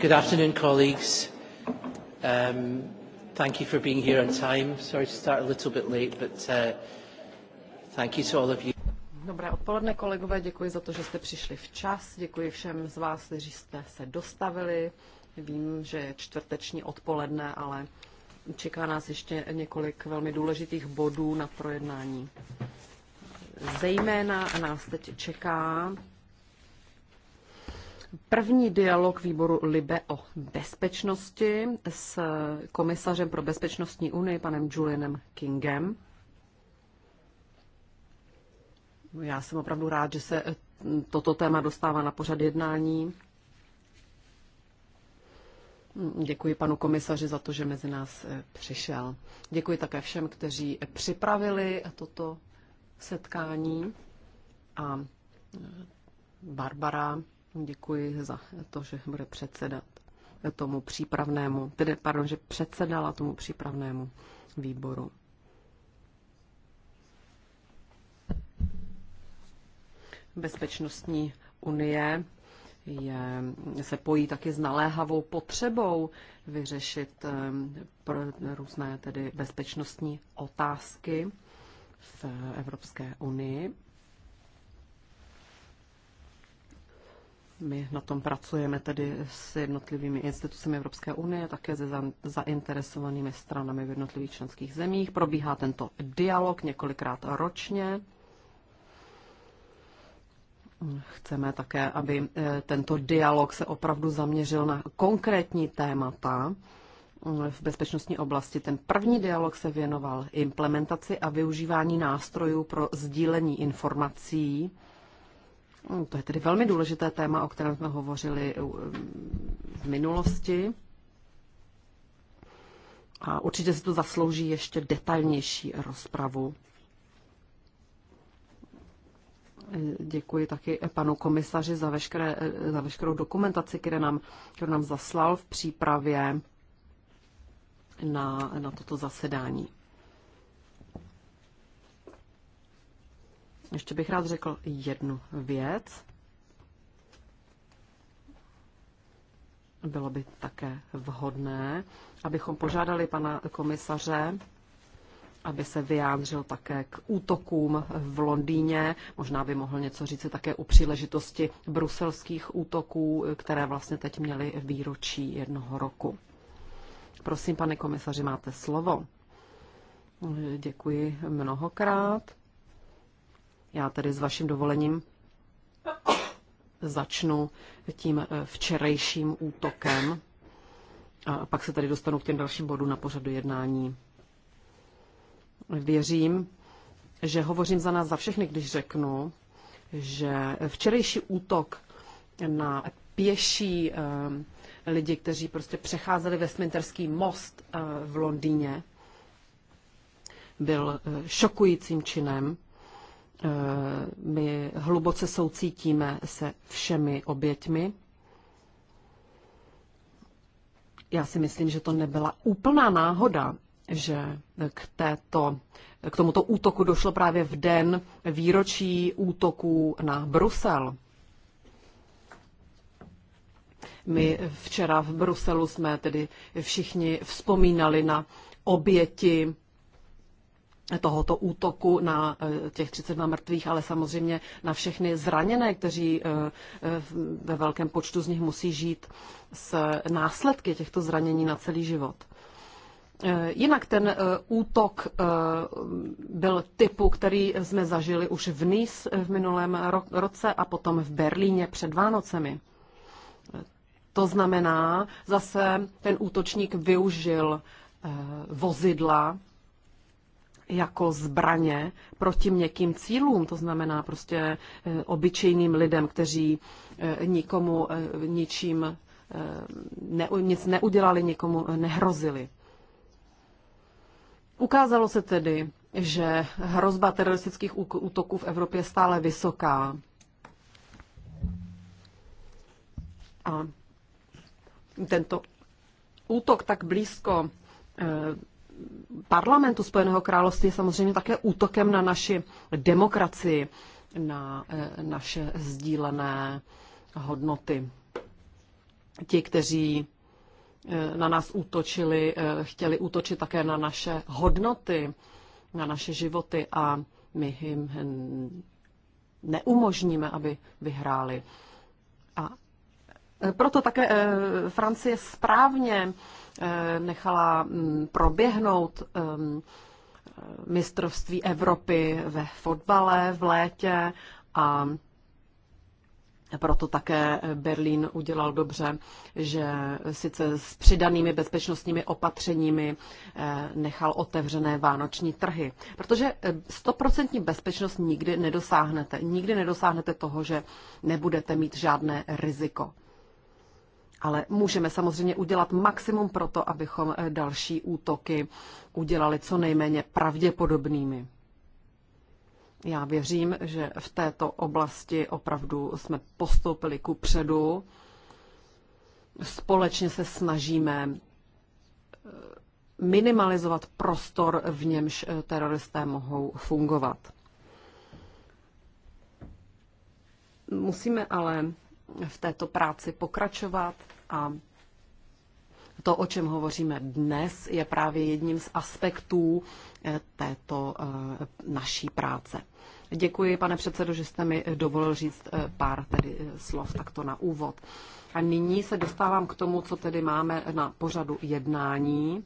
Good afternoon, colleagues. Um, thank you for being here on time. Sorry to start a little bit late, but uh, thank you to all of you. Dobré odpoledne, kolegové, děkuji za to, že jste přišli včas. Děkuji všem z vás, kteří jste se dostavili. Vím, že je čtvrteční odpoledne, ale čeká nás ještě několik velmi důležitých bodů na projednání. Zejména nás teď čeká První dialog výboru Libe o bezpečnosti s komisařem pro bezpečnostní unii, panem Julianem Kingem. Já jsem opravdu rád, že se eh, toto téma dostává na pořad jednání. Děkuji panu komisaři za to, že mezi nás eh, přišel. Děkuji také všem, kteří připravili toto setkání a eh, Barbara Děkuji za to, že bude předsedat tomu přípravnému, tedy pardon, že předsedala tomu přípravnému výboru. Bezpečnostní unie je, se pojí taky s naléhavou potřebou vyřešit ehm, pro různé tedy bezpečnostní otázky v Evropské unii. My na tom pracujeme tedy s jednotlivými institucemi Evropské unie, také se zainteresovanými stranami v jednotlivých členských zemích. Probíhá tento dialog několikrát ročně. Chceme také, aby e, tento dialog se opravdu zaměřil na konkrétní témata v bezpečnostní oblasti. Ten první dialog se věnoval implementaci a využívání nástrojů pro sdílení informací No, to je tedy velmi důležité téma, o kterém jsme hovořili eh, v minulosti. A určitě si to zaslouží ještě detailnější rozpravu. Eh, děkuji taky eh, panu komisaři za, veškeré, za veškerou dokumentaci, kterou nám, kterou nám zaslal v přípravě na, na toto zasedání. Ještě bych rád řekl jednu věc. Bylo by také vhodné, abychom požádali pana komisaře, aby se vyjádřil také k útokům v Londýně. Možná by mohl něco říct také u příležitosti bruselských útoků, které vlastně teď měly výročí jednoho roku. Prosím, pane komisaři, máte slovo. Děkuji mnohokrát. Já tedy s vaším dovolením začnu tím eh, včerejším útokem a pak se tady dostanu k těm dalším bodům na pořadu jednání. Věřím, že hovořím za nás za všechny, když řeknu, že včerejší útok na pěší eh, lidi, kteří prostě přecházeli Westminsterský most eh, v Londýně, byl šokujícím činem. Eh, my hluboce soucítíme se všemi oběťmi. Já si myslím, že to nebyla úplná náhoda, že k, této, k tomuto útoku došlo právě v den výročí útoků na Brusel. My včera v Bruselu jsme tedy všichni vzpomínali na oběti tohoto útoku na eh, těch 32 mrtvých, ale samozřejmě na všechny zraněné, kteří eh, eh, ve velkém počtu z nich musí žít s následky těchto zranění na celý život. Jinak ten útok byl typu, který jsme zažili už v Nice v minulém roce a potom v Berlíně před Vánocemi. To znamená, zase ten útočník využil vozidla jako zbraně proti měkkým cílům, to znamená prostě eh, obyčejným lidem, kteří eh, nikomu eh, ničím ne, nic neudělali, nikomu nehrozili. Ukázalo se tedy, že hrozba teroristických útoků v Evropě je stále vysoká. A tento útok tak blízko parlamentu Spojeného království je samozřejmě také útokem na naši demokracii, na eh, naše sdílené hodnoty. Ti, kteří eh, na nás útočili, eh, chtěli útočit také na naše hodnoty, na naše životy a my jim neumožníme, aby vyhráli. A proto také Francie správně Eh, nechala mm, proběhnout ehm, mistrovství Evropy ve fotbale v létě a proto také Berlín udělal dobře, že sice s přidanými bezpečnostními opatřeními eh, nechal otevřené vánoční trhy. Protože eh, stoprocentní bezpečnost nikdy nedosáhnete. Nikdy nedosáhnete toho, že nebudete mít žádné riziko ale můžeme samozřejmě udělat maximum pro to, abychom eh, další útoky udělali co nejméně pravděpodobnými. Já věřím, že v této oblasti opravdu jsme postoupili ku předu. Společně se snažíme eh, minimalizovat prostor, v němž eh, teroristé mohou fungovat. Musíme ale v této práci pokračovat a to, o čem hovoříme dnes, je právě jedním z aspektů eh, této eh, naší práce. Děkuji, pane předsedo, že jste mi dovolil říct eh, pár tedy slov takto na úvod. A nyní se dostávám k tomu, co tedy máme na pořadu jednání.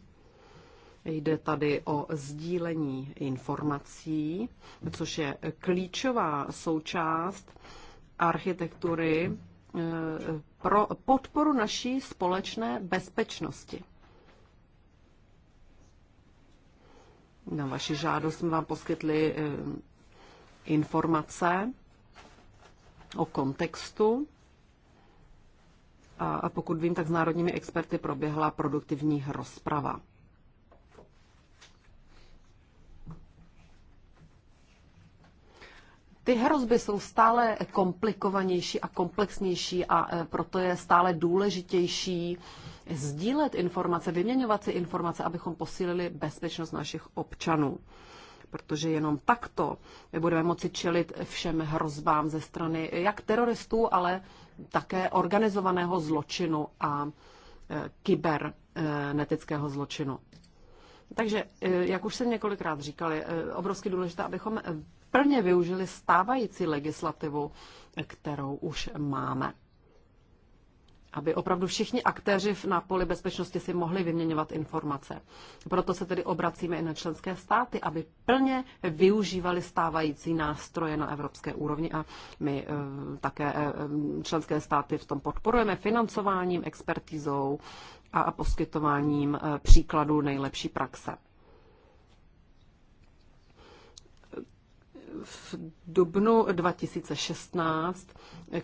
Jde tady o sdílení informací, což je klíčová součást architektury pro podporu naší společné bezpečnosti. Na vaši žádost jsme vám poskytli eh, informace o kontextu. A pokud vím, tak s národními experty proběhla produktivní rozprava. Ty hrozby jsou stále komplikovanější a komplexnější a e, proto je stále důležitější sdílet informace, vyměňovat si informace, abychom posílili bezpečnost našich občanů. Protože jenom takto budeme moci čelit všem hrozbám ze strany jak teroristů, ale také organizovaného zločinu a e, kybernetického e, zločinu. Takže, jak už jsem několikrát říkal, je obrovsky důležité, abychom plně využili stávající legislativu, kterou už máme. Aby opravdu všichni aktéři na poli bezpečnosti si mohli vyměňovat informace. Proto se tedy obracíme i na členské státy, aby plně využívali stávající nástroje na evropské úrovni a my eh, také eh, členské státy v tom podporujeme financováním, expertizou a poskytováním eh, příkladů nejlepší praxe. v dubnu 2016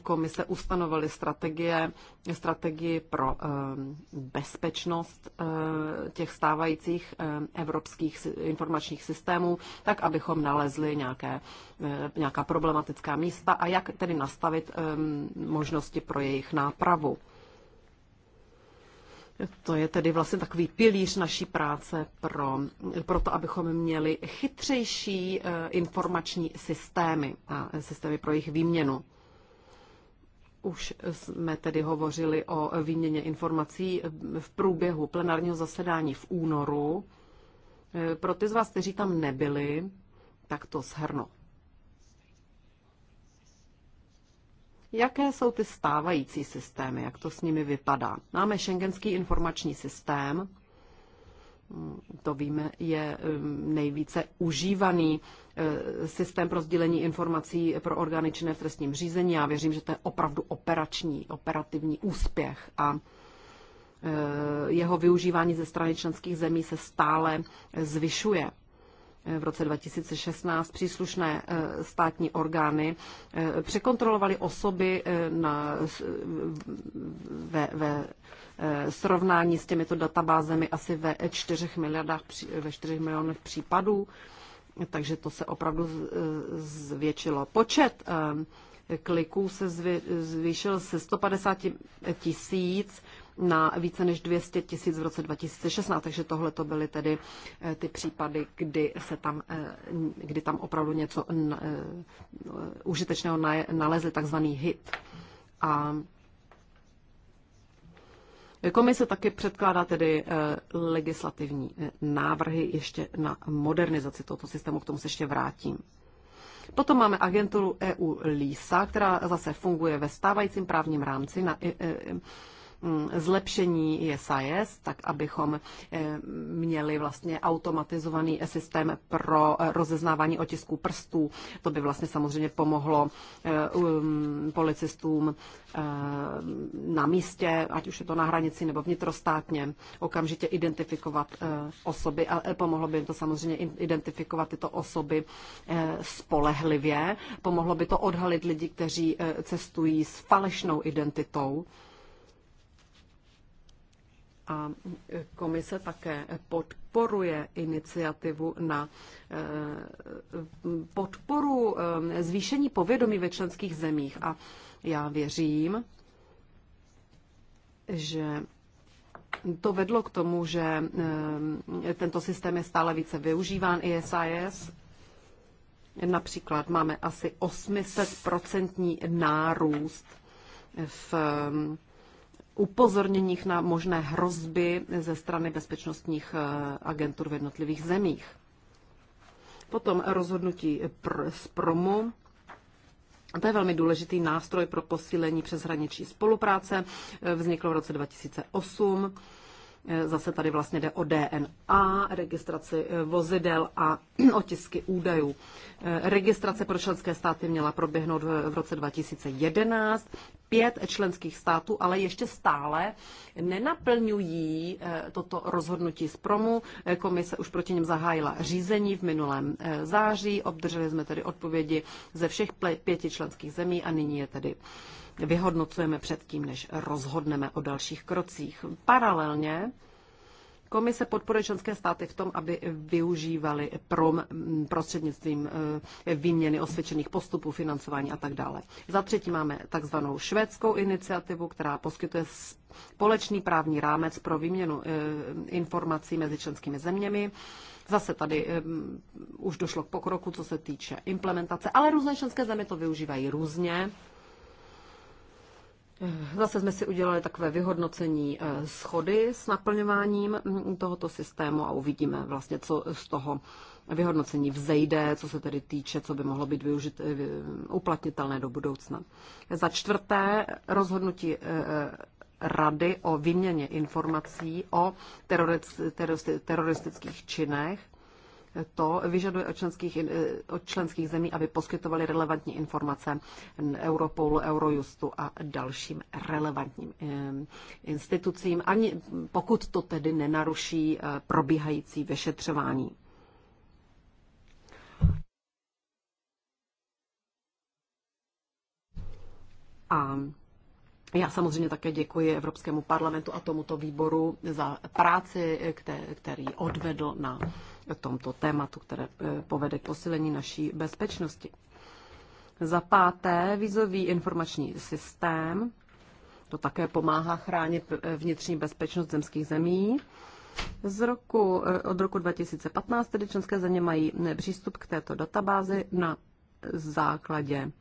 komise ustanovily strategie, strategii pro ehm, bezpečnost ehm, těch stávajících ehm, evropských informačních systémů, tak abychom nalezli nějaké, nějaká problematická místa a jak tedy nastavit možnosti pro jejich nápravu. To je tedy vlastně takový pilíř naší práce pro, pro to, abychom měli chytřejší eh, informační systémy a systémy pro jejich výměnu. Už jsme tedy hovořili o výměně informací v průběhu plenárního zasedání v únoru. Eh, pro ty z vás, kteří tam nebyli, tak to shrnu. Jaké jsou ty stávající systémy, jak to s nimi vypadá? Máme šengenský informační systém, mm, to víme, je mm, nejvíce užívaný e, systém pro sdílení informací pro orgány činné v trestním řízení. Já věřím, že to je opravdu operační, operativní úspěch a e, jeho využívání ze strany členských zemí se stále zvyšuje v roce 2016 příslušné eh, státní orgány eh, překontrolovaly osoby eh, na, ve, ve srovnání s těmito databázemi asi ve 4 miliardách, ve 4 milionech případů, takže to se opravdu zvětšilo. Počet kliků se zvýšil se 150 tisíc na více než 200 tisíc v roce 2016, takže tohle to byly tedy eh, ty případy, kdy, se tam, eh, kdy tam opravdu něco eh, užitečného nalezli, takzvaný hit. A Komise taky předkládá tedy legislativní návrhy ještě na modernizaci tohoto systému, k tomu se ještě vrátím. Potom máme agenturu EU LISA, která zase funguje ve stávajícím právním rámci na Mm, zlepšení ISIS, e tak abychom eh, měli vlastně automatizovaný systém pro eh, rozeznávání otisků prstů. To by vlastně samozřejmě pomohlo eh, um, policistům na místě, ať už je to na hranici nebo vnitrostátně, okamžitě identifikovat osoby a pomohlo by jim to samozřejmě identifikovat tyto osoby spolehlivě. Pomohlo by to odhalit lidi, kteří cestují s falešnou identitou. A komise také podporuje iniciativu na eh, podporu eh, zvýšení povědomí ve členských zemích. A já věřím, že to vedlo k tomu, že eh, tento systém je stále více využíván SIS. Například máme asi 800% nárůst v upozorněních na možné hrozby ze strany bezpečnostních eh, agentur v jednotlivých zemích. Potom rozhodnutí pr- z promu. To je velmi důležitý nástroj pro posílení přeshraniční spolupráce. Eh, vzniklo v roce 2008 Eh, zase tady vlastně jde o DNA, registraci eh, vozidel a otisky údajů. Eh, registrace pro členské státy měla proběhnout v roce 2011. Pět členských států ale ještě stále nenaplňují toto rozhodnutí z promu. Komise už proti něm zahájila řízení v minulém září. Obdrželi jsme tedy odpovědi ze všech pěti členských zemí a nyní je tedy vyhodnocujeme předtím, než rozhodneme o dalších krocích. Paralelně Komise podporuje členské státy v tom, aby využívali prom prostřednictvím eh, výměny osvědčených postupů, financování a tak dále. Za třetí máme takzvanou švédskou iniciativu, která poskytuje společný právní rámec pro výměnu eh, informací mezi členskými zeměmi. Zase tady um, už došlo k pokroku, co se týče implementace, ale různé členské země to využívají různě. Zase jsme si udělali takové vyhodnocení eh, schody s naplňováním mm, tohoto systému a uvidíme vlastně, co z toho vyhodnocení vzejde, co se tedy týče, co by mohlo být využit, eh, uplatnitelné do budoucna. Za čtvrté rozhodnutí eh, rady o výměně informací o teroristických činech to vyžaduje od členských, eh, od členských zemí, aby poskytovali relevantní informace Europolu, Eurojustu a dalším relevantním eh, institucím, ani pokud to tedy nenaruší eh, probíhající vyšetřování. A já samozřejmě také děkuji Evropskému parlamentu a tomuto výboru za práci, který odvedl na tomto tématu, které eh, povede k posílení naší bezpečnosti. Za páté, vízový informační systém. To také pomáhá chránit eh, vnitřní bezpečnost zemských zemí. Z roku, eh, od roku 2015 tedy členské země mají přístup k této databázi na základě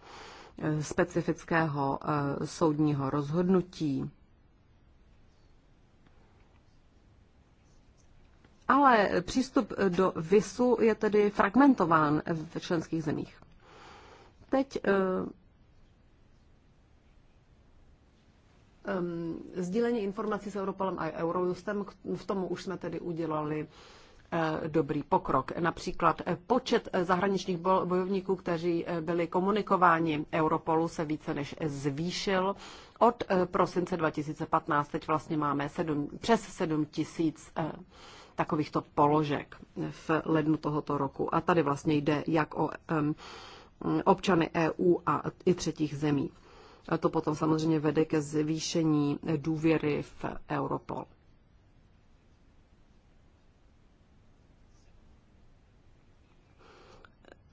specifického soudního rozhodnutí. ale přístup do VISu je tedy fragmentován v členských zemích. Teď Um, sdílení informací s Europolem a Eurojustem, v tom už jsme tedy udělali eh, dobrý pokrok. Například eh, počet zahraničních bojovníků, kteří byli komunikováni Europolu, se více než zvýšil. Od prosince 2015 teď vlastně máme 7, přes 7 tisíc takovýchto položek v lednu tohoto roku. A tady vlastně jde jak o občany EU a i třetích zemí. A to potom samozřejmě vede ke zvýšení důvěry v Europol.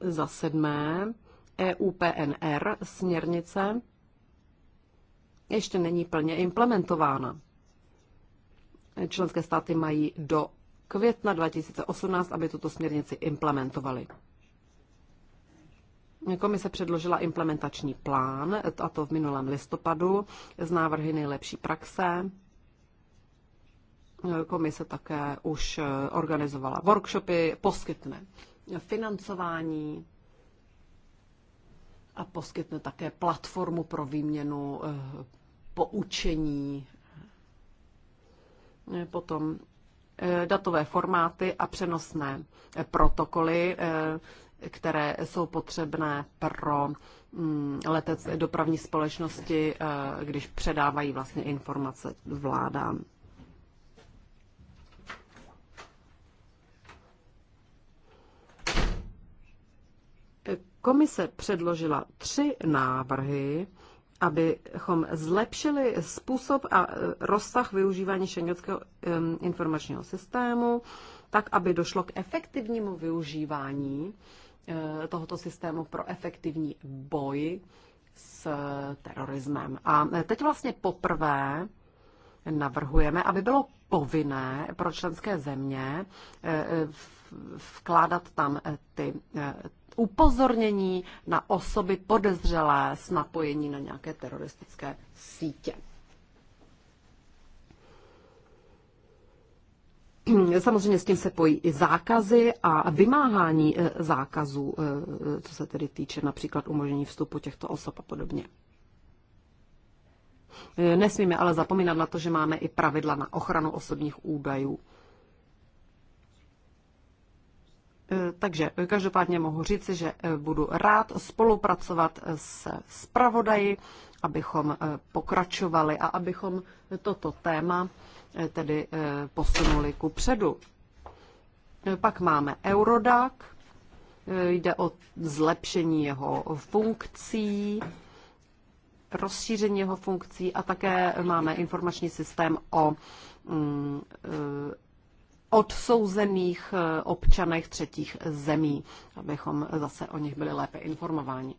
Za sedmé, EUPNR směrnice ještě není plně implementována. Členské státy mají do května 2018, aby tuto směrnici implementovali. Komise předložila implementační plán, a to v minulém listopadu, z návrhy nejlepší praxe. Komise také už organizovala workshopy, poskytne financování a poskytne také platformu pro výměnu eh, poučení. Potom Eh, datové formáty a přenosné protokoly, eh, které jsou potřebné pro mm, letec dopravní společnosti, eh, když předávají vlastně informace vládám. Komise předložila tři návrhy abychom zlepšili způsob a e, rozsah využívání šengenského informačního systému, tak aby došlo k efektivnímu využívání e, tohoto systému pro efektivní boj s terorismem. A e, teď vlastně poprvé navrhujeme, aby bylo povinné pro členské země vkládat tam ty upozornění na osoby podezřelé s napojení na nějaké teroristické sítě. Samozřejmě s tím se pojí i zákazy a vymáhání eh, zákazů, eh, eh, co se tedy týče například umožnění vstupu těchto osob a podobně. Nesmíme ale zapomínat na to, že máme i pravidla na ochranu osobních údajů. Eh, takže každopádně mohu říci, že eh, budu rád spolupracovat eh, s zpravodaji, abychom pokračovali a abychom toto téma tedy posunuli ku předu. Pak máme Eurodac, jde o zlepšení jeho funkcí, rozšíření jeho funkcí a také máme informační systém o mm, odsouzených eh, občanech třetích zemí, abychom zase o nich byli lépe informováni.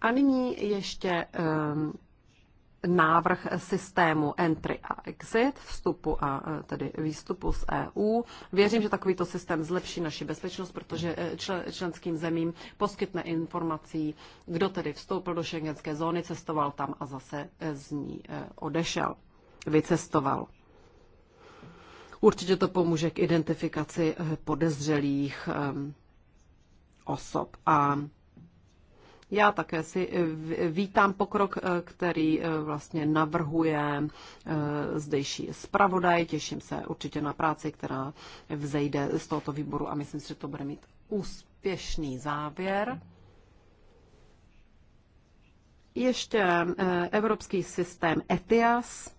A nyní ještě eh, návrh systému entry a exit, vstupu a eh, tedy výstupu z EU. Věřím, že takovýto systém zlepší naši bezpečnost, protože členským zemím poskytne informací, kdo tedy vstoupil do šengenské zóny, cestoval tam a zase z ní odešel, vycestoval. Určitě to pomůže k identifikaci eh, podezřelých osob. A já také si eh, vítám pokrok, eh, který vlastně navrhuje zdejší zpravodaj. Těším se určitě na práci, která vzejde z tohoto výboru a myslím si, že to bude mít úspěšný závěr. Ještě evropský systém ETIAS.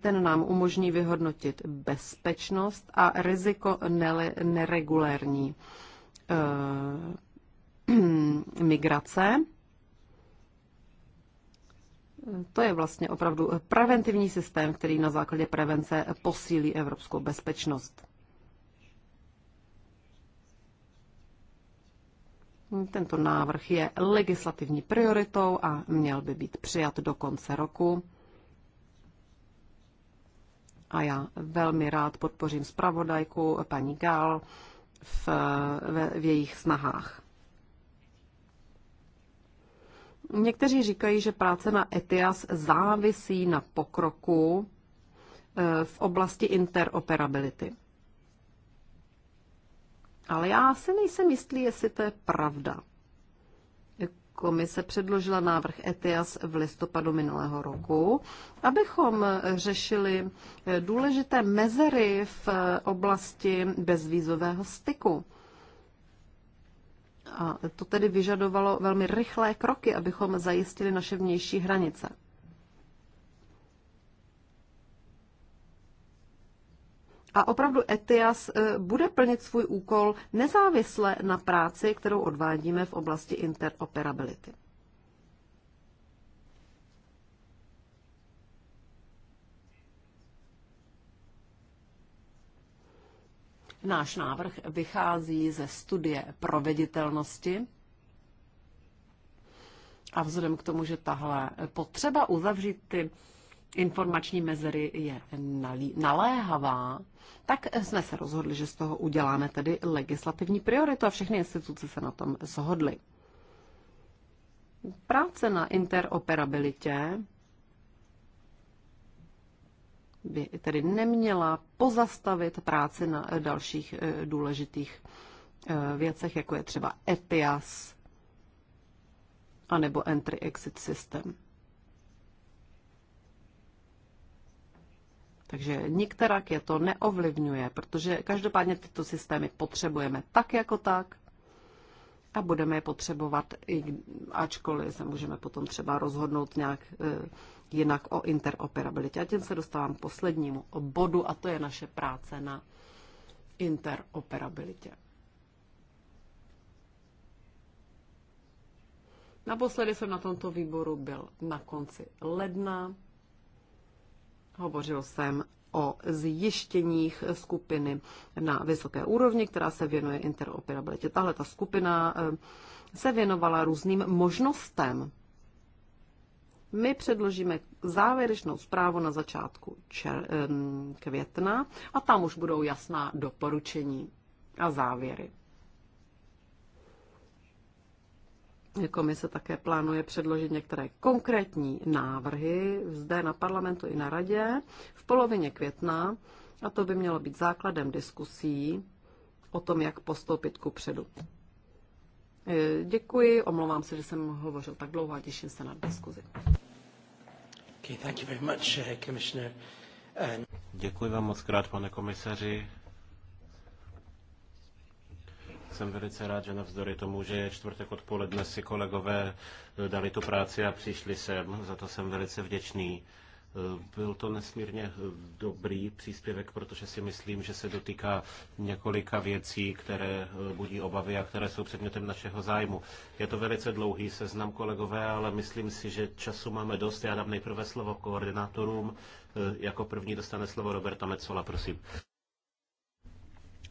Ten nám umožní vyhodnotit bezpečnost a riziko neregulérní eh, migrace. To je vlastně opravdu preventivní systém, který na základě prevence posílí evropskou bezpečnost. Tento návrh je legislativní prioritou a měl by být přijat do konce roku a já velmi rád podpořím zpravodajku paní Gál v, v, v jejich snahách. Někteří říkají, že práce na ETIAS závisí na pokroku e, v oblasti interoperability. Ale já si nejsem jistý, jestli to je pravda. Komise předložila návrh ETIAS v listopadu minulého roku, abychom řešili důležité mezery v oblasti bezvízového styku. A to tedy vyžadovalo velmi rychlé kroky, abychom zajistili naše vnější hranice. A opravdu ETIAS e, bude plnit svůj úkol nezávisle na práci, kterou odvádíme v oblasti interoperability. Náš návrh vychází ze studie proveditelnosti a vzhledem k tomu, že tahle potřeba uzavřít ty informační mezery je naléhavá, tak jsme se rozhodli, že z toho uděláme tedy legislativní prioritu a všechny instituce se na tom shodly. Práce na interoperabilitě by tedy neměla pozastavit práci na dalších eh, důležitých eh, věcech, jako je třeba EPIAS anebo Entry-Exit System. Takže nikterak je to neovlivňuje, protože každopádně tyto systémy potřebujeme tak jako tak a budeme je potřebovat, i, ačkoliv se můžeme potom třeba rozhodnout nějak e, jinak o interoperabilitě. A tím se dostávám k poslednímu bodu a to je naše práce na interoperabilitě. Naposledy jsem na tomto výboru byl na konci ledna. Hovořil jsem o zjištěních skupiny na vysoké úrovni, která se věnuje interoperabilitě. Tahle ta skupina eh, se věnovala různým možnostem. My předložíme závěrečnou zprávu na začátku čer, eh, května a tam už budou jasná doporučení a závěry. Komise také plánuje předložit některé konkrétní návrhy zde na parlamentu i na radě v polovině května a to by mělo být základem diskusí o tom, jak postoupit ku předu. E, děkuji, omlouvám se, že jsem hovořil tak dlouho a těším se na diskuzi. Okay, thank you very much, eh, Děkuji vám moc krát, pane komisaři. Jsem velice rád, že navzdory tomu, že je čtvrtek odpoledne, si kolegové eh, dali tu práci a přišli sem. Za to jsem velice vděčný. Eh, byl to nesmírně eh, dobrý příspěvek, protože si myslím, že se dotýká několika věcí, které budí obavy a které jsou předmětem našeho zájmu. Je to velice dlouhý seznam, kolegové, ale myslím si, že času máme dost. Já dám nejprve slovo koordinátorům. Jako první dostane slovo Roberta Mecola, prosím.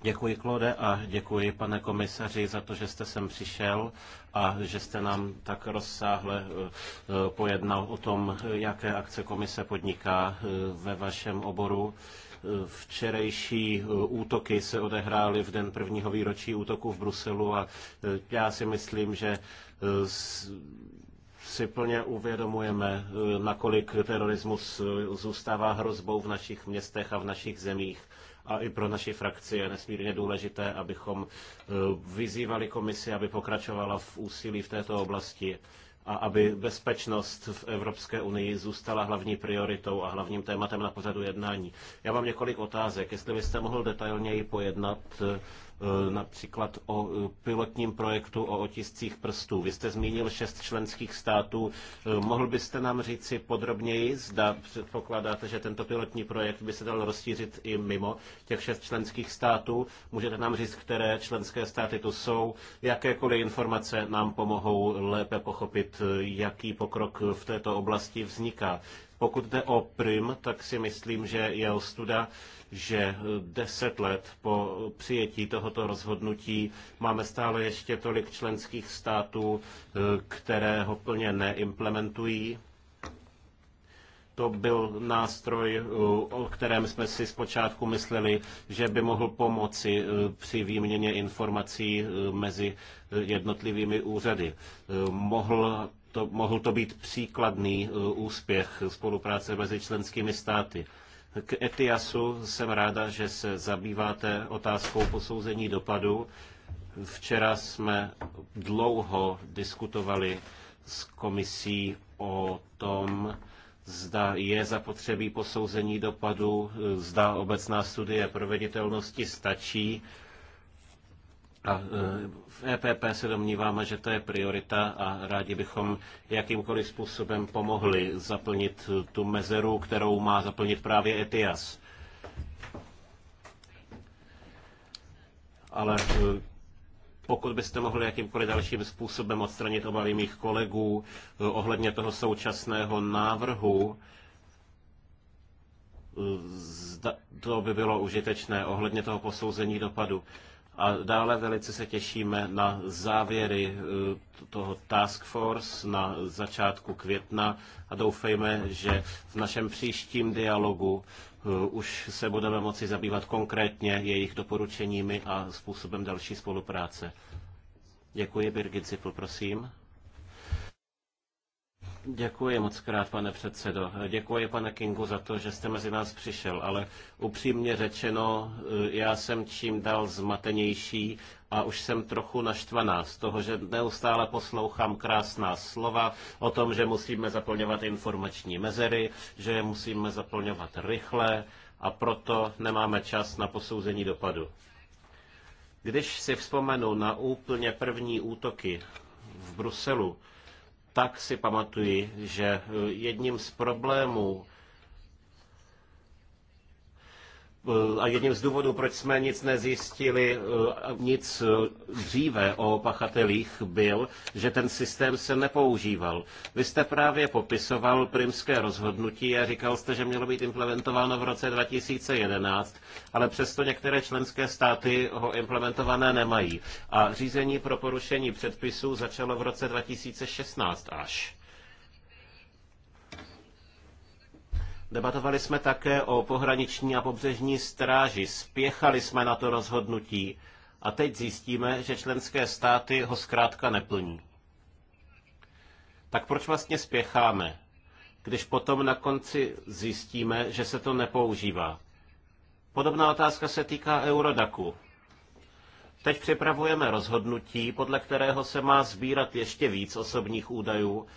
Děkuji, Klode, a děkuji, pane komisaři, za to, že jste sem přišel a že jste nám tak rozsáhle eh, eh, pojednal o tom, jaké akce komise podniká eh, ve vašem oboru. Včerejší útoky se odehrály v den prvního výročí útoku v Bruselu a já si myslím, že si plně uvědomujeme, nakolik terorismus zůstává hrozbou v našich městech a v našich zemích a i pro naši frakci je nesmírně důležité, abychom e, vyzývali komisi, aby pokračovala v úsilí v této oblasti a aby bezpečnost v Evropské unii zůstala hlavní prioritou a hlavním tématem na pořadu jednání. Já mám několik otázek. Jestli byste mohl detailněji pojednat e, Eh, například o eh, pilotním projektu o otiscích prstů. Vy jste zmínil šest členských států. Eh, mohl byste nám říci podrobněji, zda předpokládáte, že tento pilotní projekt by se dal rozšířit i mimo těch šest členských států? Můžete nám říct, které členské státy tu jsou? Jakékoliv informace nám pomohou lépe pochopit, jaký pokrok v této oblasti vzniká. Pokud jde o Prim, tak si myslím, že jeho studa že deset let po přijetí tohoto rozhodnutí máme stále ještě tolik členských států, které ho plně neimplementují. To byl nástroj, o kterém jsme si zpočátku mysleli, že by mohl pomoci e, při výměně informací e, mezi jednotlivými úřady. E, mohl to, mohl to být příkladný úspěch spolupráce mezi členskými státy. K ETIASu jsem ráda, že se zabýváte otázkou posouzení dopadu. Včera jsme dlouho diskutovali s komisí o tom, zda je zapotřebí posouzení dopadu, zda obecná studie proveditelnosti stačí a e, v EPP se domníváme, že to je priorita a rádi bychom jakýmkoliv způsobem pomohli zaplnit tu mezeru, kterou má zaplnit právě ETIAS. Ale e, pokud byste mohli jakýmkoliv dalším způsobem odstranit obavy mých kolegů e, ohledně toho současného návrhu, to by bylo užitečné ohledně toho posouzení dopadu. A dále velice se těšíme na závěry eh, toho task force na začátku května a doufejme, že v našem příštím dialogu eh, už se budeme moci zabývat konkrétně jejich doporučeními a způsobem další spolupráce. Děkuji, Birgit Zipl, prosím. Děkuji moc krát, pane předsedo. Děkuji, pane Kingu, za to, že jste mezi nás přišel, ale upřímně řečeno, eh, já jsem čím dál zmatenější a už jsem trochu naštvaná z toho, že neustále poslouchám krásná slova o tom, že musíme zaplňovat informační mezery, že je musíme zaplňovat rychle a proto nemáme čas na posouzení dopadu. Když si vzpomenu na úplně první útoky v Bruselu, tak si pamatuji, že eh, jedním z problémů Eh, a jedním z důvodů, proč jsme nic nezjistili, eh, nic eh, dříve o pachatelích, byl, že ten systém se nepoužíval. Vy jste právě popisoval primské rozhodnutí a říkal jste, že mělo být implementováno v roce 2011, ale přesto některé členské státy ho implementované nemají. A řízení pro porušení předpisů začalo v roce 2016 až. Debatovali jsme také o pohraniční a pobřežní stráži. Spěchali jsme na to rozhodnutí a teď zjistíme, že členské státy ho zkrátka neplní. Tak proč vlastně spěcháme, když potom na konci zjistíme, že se to nepoužívá? Podobná otázka se týká Eurodaku. Teď připravujeme rozhodnutí, podle kterého se má sbírat ještě víc osobních údajů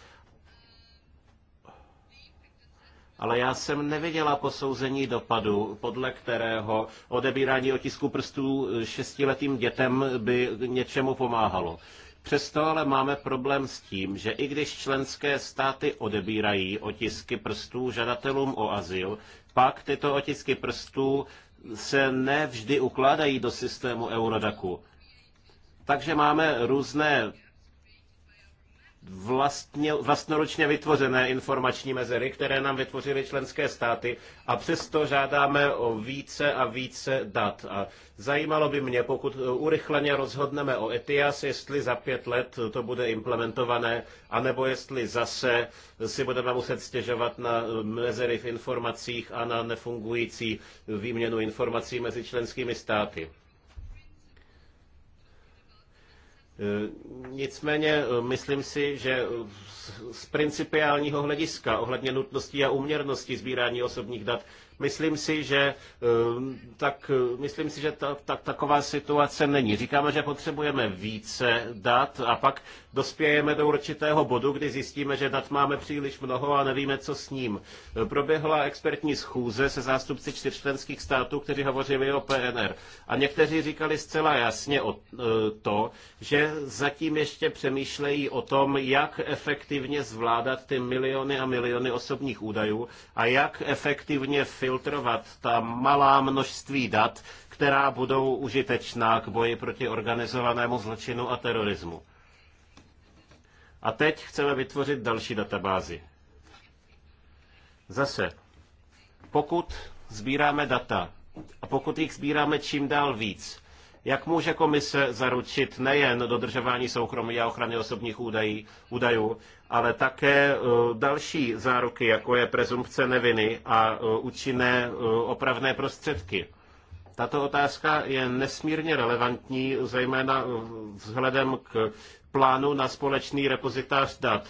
ale já jsem neviděla posouzení dopadu, podle kterého odebírání otisku prstů šestiletým dětem by něčemu pomáhalo. Přesto ale máme problém s tím, že i když členské státy odebírají otisky prstů žadatelům o azyl, pak tyto otisky prstů se nevždy ukládají do systému Eurodaku. Takže máme různé vlastně, vlastnoročně vytvořené informační mezery, které nám vytvořily členské státy a přesto žádáme o více a více dat. A zajímalo by mě, pokud urychleně rozhodneme o ETIAS, jestli za pět let to bude implementované, anebo jestli zase si budeme muset stěžovat na mezery v informacích a na nefungující výměnu informací mezi členskými státy. Eh, nicméně eh, myslím si, že eh, z principiálního hlediska ohledně nutnosti a uměrnosti sbírání osobních dat Myslím si, že, eh, tak, eh, myslím si, že ta, ta, taková situace není. Říkáme, že potřebujeme více dat a pak dospějeme do určitého bodu, kdy zjistíme, že dat máme příliš mnoho a nevíme, co s ním. Eh, proběhla expertní schůze se zástupci čtyř států, kteří hovořili o PNR. A někteří říkali zcela jasně o to, že zatím ještě přemýšlejí o tom, jak efektivně zvládat ty miliony a miliony osobních údajů a jak efektivně filtrovat ta malá množství dat, která budou užitečná k boji proti organizovanému zločinu a terorismu. A teď chceme vytvořit další databázi. Zase, pokud sbíráme data a pokud jich sbíráme čím dál víc, jak může komise zaručit nejen dodržování soukromí a ochrany osobních údají, údajů, ale také e, další záruky, jako je prezumpce neviny a e, účinné e, opravné prostředky? Tato otázka je nesmírně relevantní, zejména vzhledem k plánu na společný repozitář dat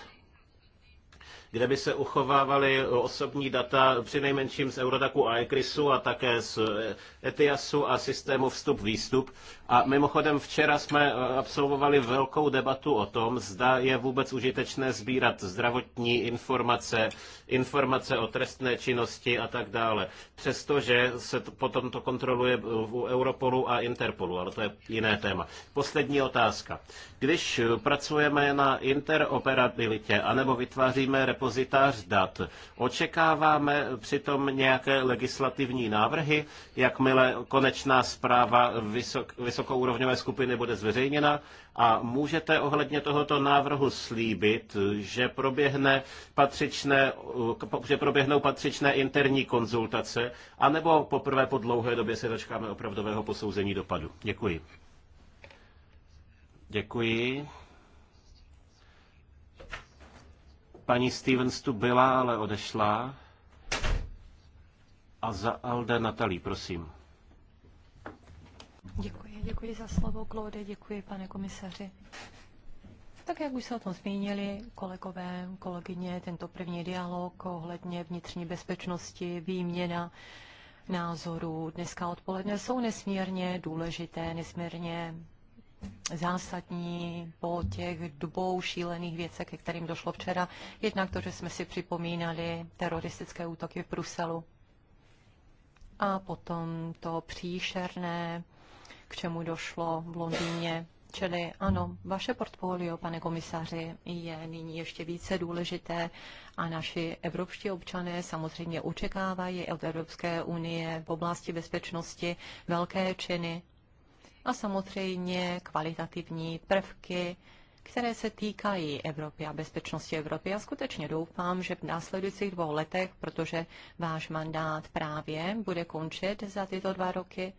kde by se uchovávaly osobní data při nejmenším z Eurodaku a ECRISu a také z eh, ETIASu a systému vstup-výstup. A mimochodem včera jsme eh, absolvovali velkou debatu o tom, zda je vůbec užitečné sbírat zdravotní informace, informace o trestné činnosti a tak dále. Přestože se to, potom to kontroluje eh, u Europolu a Interpolu, ale to je jiné téma. Poslední otázka. Když pracujeme na interoperabilitě anebo vytváříme depozitář dat. Očekáváme přitom nějaké legislativní návrhy, jakmile konečná zpráva vysok, vysokourovňové skupiny bude zveřejněna a můžete ohledně tohoto návrhu slíbit, že, proběhne patřičné, že proběhnou patřičné interní konzultace, anebo poprvé po dlouhé době se dočkáme opravdového posouzení dopadu. Děkuji. Děkuji. Paní Stevens tu byla, ale odešla. A za Alde Natalí, prosím. Děkuji, děkuji za slovo, Claude, děkuji, pane komisaři. Tak jak už se o tom zmínili kolegové, kolegyně, tento první dialog ohledně vnitřní bezpečnosti, výměna názorů dneska odpoledne jsou nesmírně důležité, nesmírně zásadní po těch dvou šílených věcech, ke kterým došlo včera. Jednak to, že jsme si připomínali teroristické útoky v Bruselu a potom to příšerné, k čemu došlo v Londýně. Čili ano, vaše portfolio, pane komisaři, je nyní ještě více důležité a naši evropští občané samozřejmě očekávají od Evropské unie v oblasti bezpečnosti velké činy, a samozřejmě kvalitativní prvky, které se týkají Evropy a bezpečnosti Evropy. Já skutečně doufám, že v následujících dvou letech, protože váš mandát právě bude končit za tyto dva roky,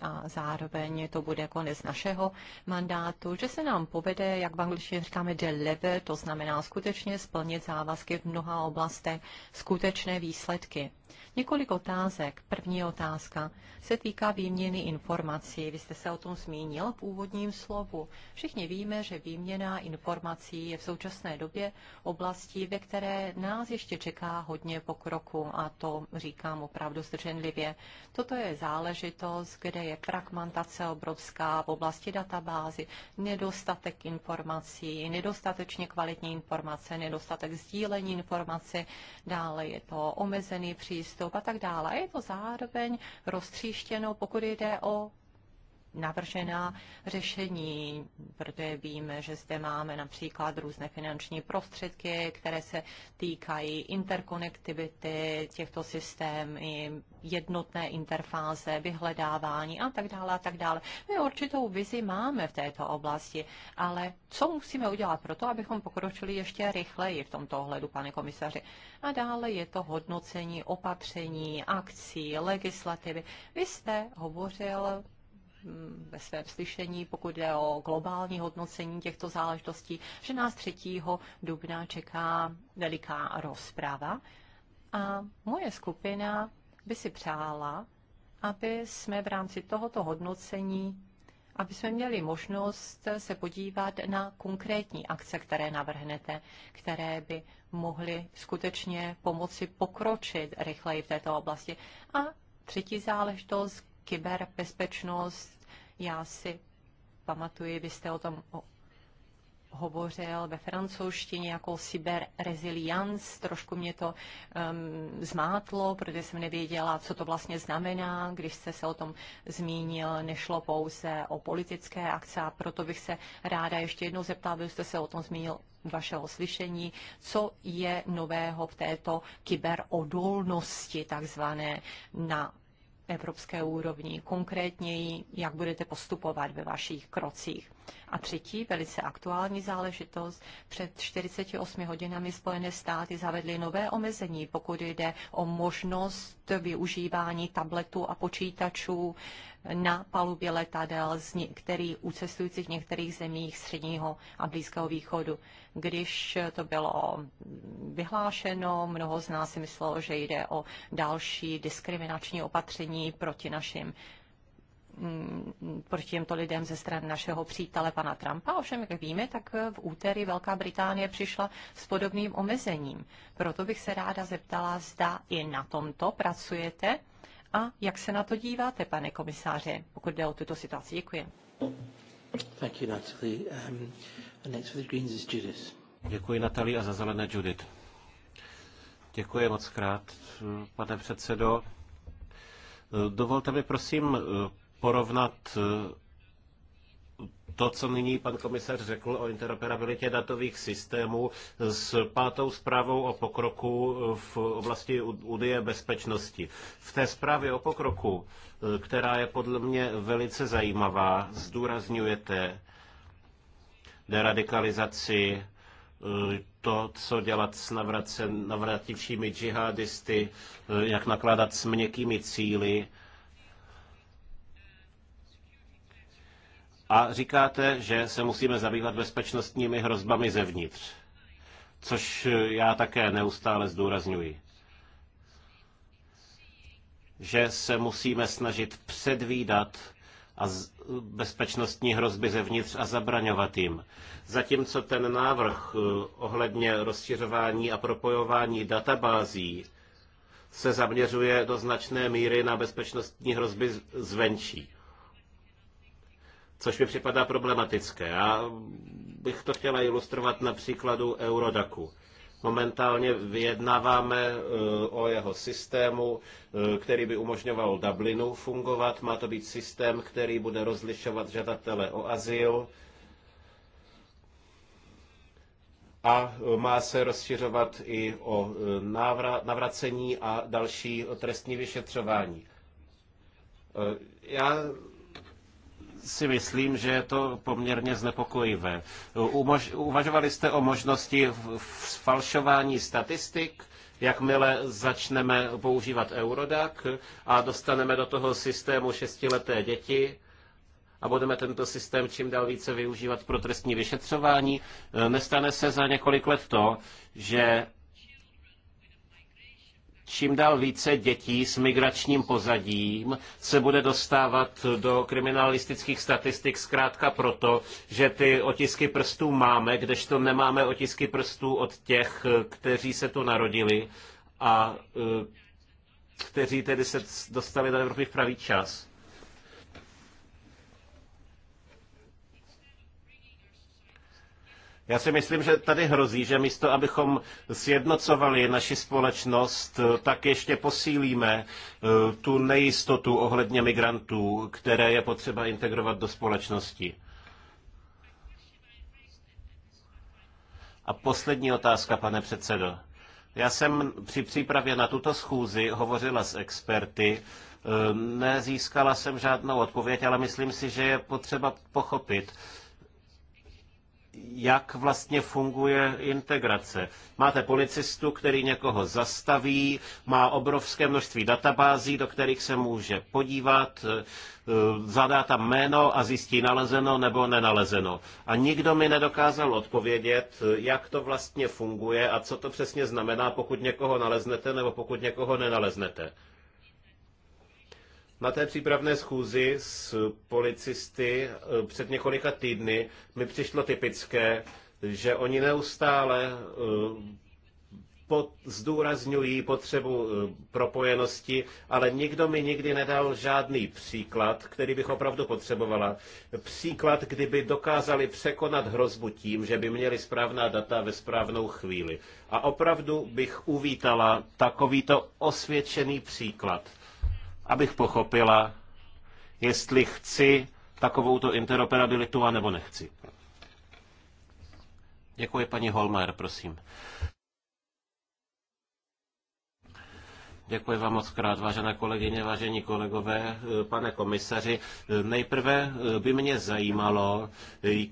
a zároveň to bude konec našeho mandátu, že se nám povede, jak v angličtině říkáme, deliver, to znamená skutečně splnit závazky v mnoha oblastech, skutečné výsledky. Několik otázek. První otázka se týká výměny informací. Vy jste se o tom zmínil v úvodním slovu. Všichni víme, že výměna informací je v současné době oblastí, ve které nás ještě čeká hodně pokroku a to říkám opravdu zdrženlivě. Toto je záležitost, kde je fragmentace obrovská v oblasti databázy, nedostatek informací, nedostatečně kvalitní informace, nedostatek sdílení informace, dále je to omezený při přístup a tak dále. A je to zároveň roztříštěno, pokud jde o navržená řešení, protože víme, že zde máme například různé finanční prostředky, které se týkají interkonektivity těchto systémů, jednotné interfáze, vyhledávání a tak dále a tak dále. My určitou vizi máme v této oblasti, ale co musíme udělat pro to, abychom pokročili ještě rychleji v tomto ohledu, pane komisaři? A dále je to hodnocení opatření, akcí, legislativy. Vy jste hovořil Mm, ve svém slyšení, pokud jde o globální hodnocení těchto záležitostí, že nás 3. dubna čeká veliká rozprava. A moje skupina by si přála, aby jsme v rámci tohoto hodnocení aby jsme měli možnost se podívat na konkrétní akce, které navrhnete, které by mohly skutečně pomoci pokročit rychleji v této oblasti. A třetí záležitost, kyberbezpečnost. Já si pamatuji, vy jste o tom hovořil ve francouzštině jako cyber resilience. Trošku mě to um, zmátlo, protože jsem nevěděla, co to vlastně znamená. Když jste se o tom zmínil, nešlo pouze o politické akce a proto bych se ráda ještě jednou zeptala, protože jste se o tom zmínil vašeho slyšení, co je nového v této kyberodolnosti takzvané na evropské úrovni, konkrétněji, jak budete postupovat ve vašich krocích. A třetí, velice aktuální záležitost, před 48 hodinami Spojené státy zavedly nové omezení, pokud jde o možnost využívání tabletů a počítačů na palubě letadel z některých, u cestujících v některých zemích středního a blízkého východu když to bylo vyhlášeno, mnoho z nás si myslelo, že jde o další diskriminační opatření proti našim mm, proti těmto lidem ze strany našeho přítele pana Trumpa. Ovšem, jak víme, tak v úterý Velká Británie přišla s podobným omezením. Proto bych se ráda zeptala, zda i na tomto pracujete a jak se na to díváte, pane komisáře, pokud jde o tuto situaci. Děkuji. Thank you, Natalie. Um, Next for the Greens is Judith. Děkuji Natalie a za zelené Judith. Děkuji moc krát, pane předsedo. Dovolte mi prosím porovnat to, co nyní pan komisař řekl o interoperabilitě datových systémů s pátou zprávou o pokroku v oblasti Unie bezpečnosti. V té zprávě o pokroku, která je podle mě velice zajímavá, zdůrazňujete, deradikalizaci, eh, to, co dělat s navrativšími džihadisty, eh, jak nakládat s měkkými cíly. A říkáte, že se musíme zabývat bezpečnostními hrozbami zevnitř, což eh, já také neustále zdůrazňuji. Že se musíme snažit předvídat a bezpečnostní hrozby zevnitř a zabraňovat jim. Zatímco ten návrh eh, ohledně rozšiřování a propojování databází se zaměřuje do značné míry na bezpečnostní hrozby zvenčí. Což mi připadá problematické. Já bych to chtěla ilustrovat na příkladu Eurodaku. Momentálně vyjednáváme eh, o jeho systému, eh, který by umožňoval Dublinu fungovat. Má to být systém, který bude rozlišovat žadatele o azyl a eh, má se rozšiřovat i o navracení a další trestní vyšetřování. Já si myslím, že je to poměrně znepokojivé. Umož, uvažovali jste o možnosti falšování statistik, jakmile začneme používat Eurodac a dostaneme do toho systému šestileté děti a budeme tento systém čím dál více využívat pro trestní vyšetřování, nestane se za několik let to, že čím dál více dětí s migračním pozadím se bude dostávat do kriminalistických statistik zkrátka proto, že ty otisky prstů máme, kdežto nemáme otisky prstů od těch, kteří se tu narodili a e, kteří tedy se dostali do Evropy v pravý čas. Já si myslím, že tady hrozí, že místo, abychom sjednocovali naši společnost, tak ještě posílíme eh, tu nejistotu ohledně migrantů, které je potřeba integrovat do společnosti. A poslední otázka, pane předsedo. Já jsem při přípravě na tuto schůzi hovořila s experty, eh, nezískala jsem žádnou odpověď, ale myslím si, že je potřeba pochopit, jak vlastně funguje integrace. Máte policistu, který někoho zastaví, má obrovské množství databází, do kterých se může podívat, e, zadá tam jméno a zjistí nalezeno nebo nenalezeno. A nikdo mi nedokázal odpovědět, e, jak to vlastně funguje a co to přesně znamená, pokud někoho naleznete nebo pokud někoho nenaleznete. Na té přípravné schůzi s policisty eh, před několika týdny mi přišlo typické, že oni neustále eh, pod, zdůrazňují potřebu eh, propojenosti, ale nikdo mi nikdy nedal žádný příklad, který bych opravdu potřebovala. Příklad, kdyby dokázali překonat hrozbu tím, že by měli správná data ve správnou chvíli. A opravdu bych uvítala takovýto osvědčený příklad abych pochopila, jestli chci takovouto interoperabilitu a nebo nechci. Děkuji paní Holmer, prosím. Děkuji vám moc krát, vážené kolegyně, vážení kolegové, pane komisaři. Nejprve by mě zajímalo,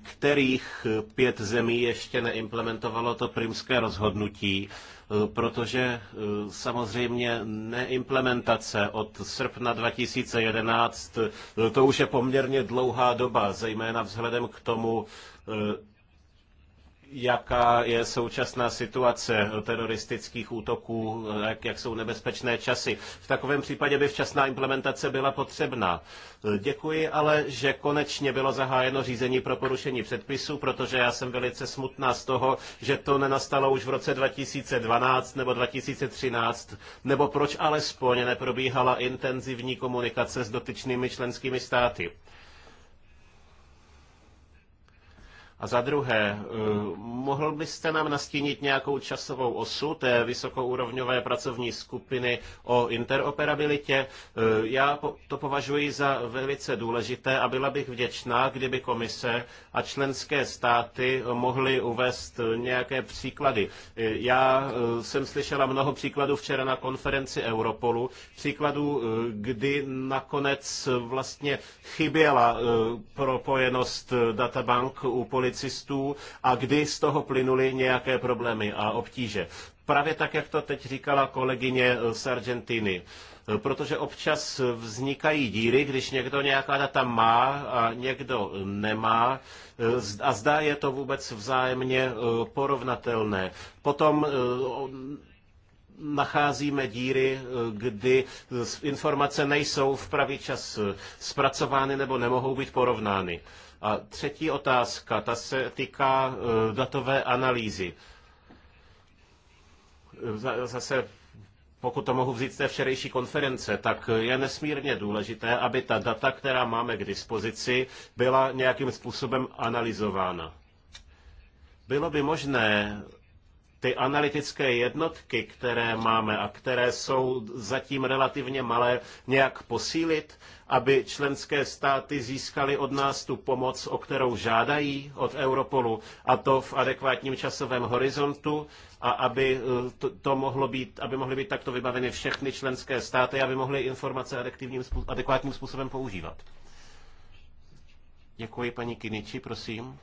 kterých pět zemí ještě neimplementovalo to primské rozhodnutí Eh, protože eh, samozřejmě neimplementace od srpna 2011, eh, to už je poměrně dlouhá doba, zejména vzhledem k tomu, jaká je současná situace teroristických útoků, jak, jak jsou nebezpečné časy. V takovém případě by včasná implementace byla potřebná. Děkuji ale, že konečně bylo zahájeno řízení pro porušení předpisů, protože já jsem velice smutná z toho, že to nenastalo už v roce 2012 nebo 2013, nebo proč alespoň neprobíhala intenzivní komunikace s dotyčnými členskými státy. A za druhé, eh, mohl byste nám nastínit nějakou časovou osu té vysokourovňové pracovní skupiny o interoperabilitě? Eh, já to považuji za velice důležité a byla bych vděčná, kdyby komise a členské státy mohly uvést nějaké příklady. Eh, já jsem slyšela mnoho příkladů včera na konferenci Europolu, příkladů, kdy nakonec vlastně chyběla propojenost databank u policie policistů a kdy z toho plynuly nějaké problémy a obtíže. Právě tak, jak to teď říkala kolegyně eh, z Argentiny eh, protože občas vznikají díry, když někdo nějaká data má a někdo nemá eh, a zdá je to vůbec vzájemně porovnatelné. Potom nacházíme díry, kdy informace nejsou v pravý čas zpracovány nebo nemohou být porovnány. A třetí otázka, ta se týká eh, datové analýzy. Eh, zase pokud to mohu vzít z té včerejší konference, tak je nesmírně důležité, aby ta data, která máme k dispozici, byla nějakým způsobem analyzována. Bylo by možné ty analytické jednotky, které máme a které jsou zatím relativně malé, nějak posílit, aby členské státy získaly od nás tu pomoc, o kterou žádají od Europolu, a to v adekvátním časovém horizontu, a aby eh, to, to mohlo být, aby mohly být takto vybaveny všechny členské státy, aby mohly informace adekvátním způsobem používat. Děkuji paní Kiniči, prosím.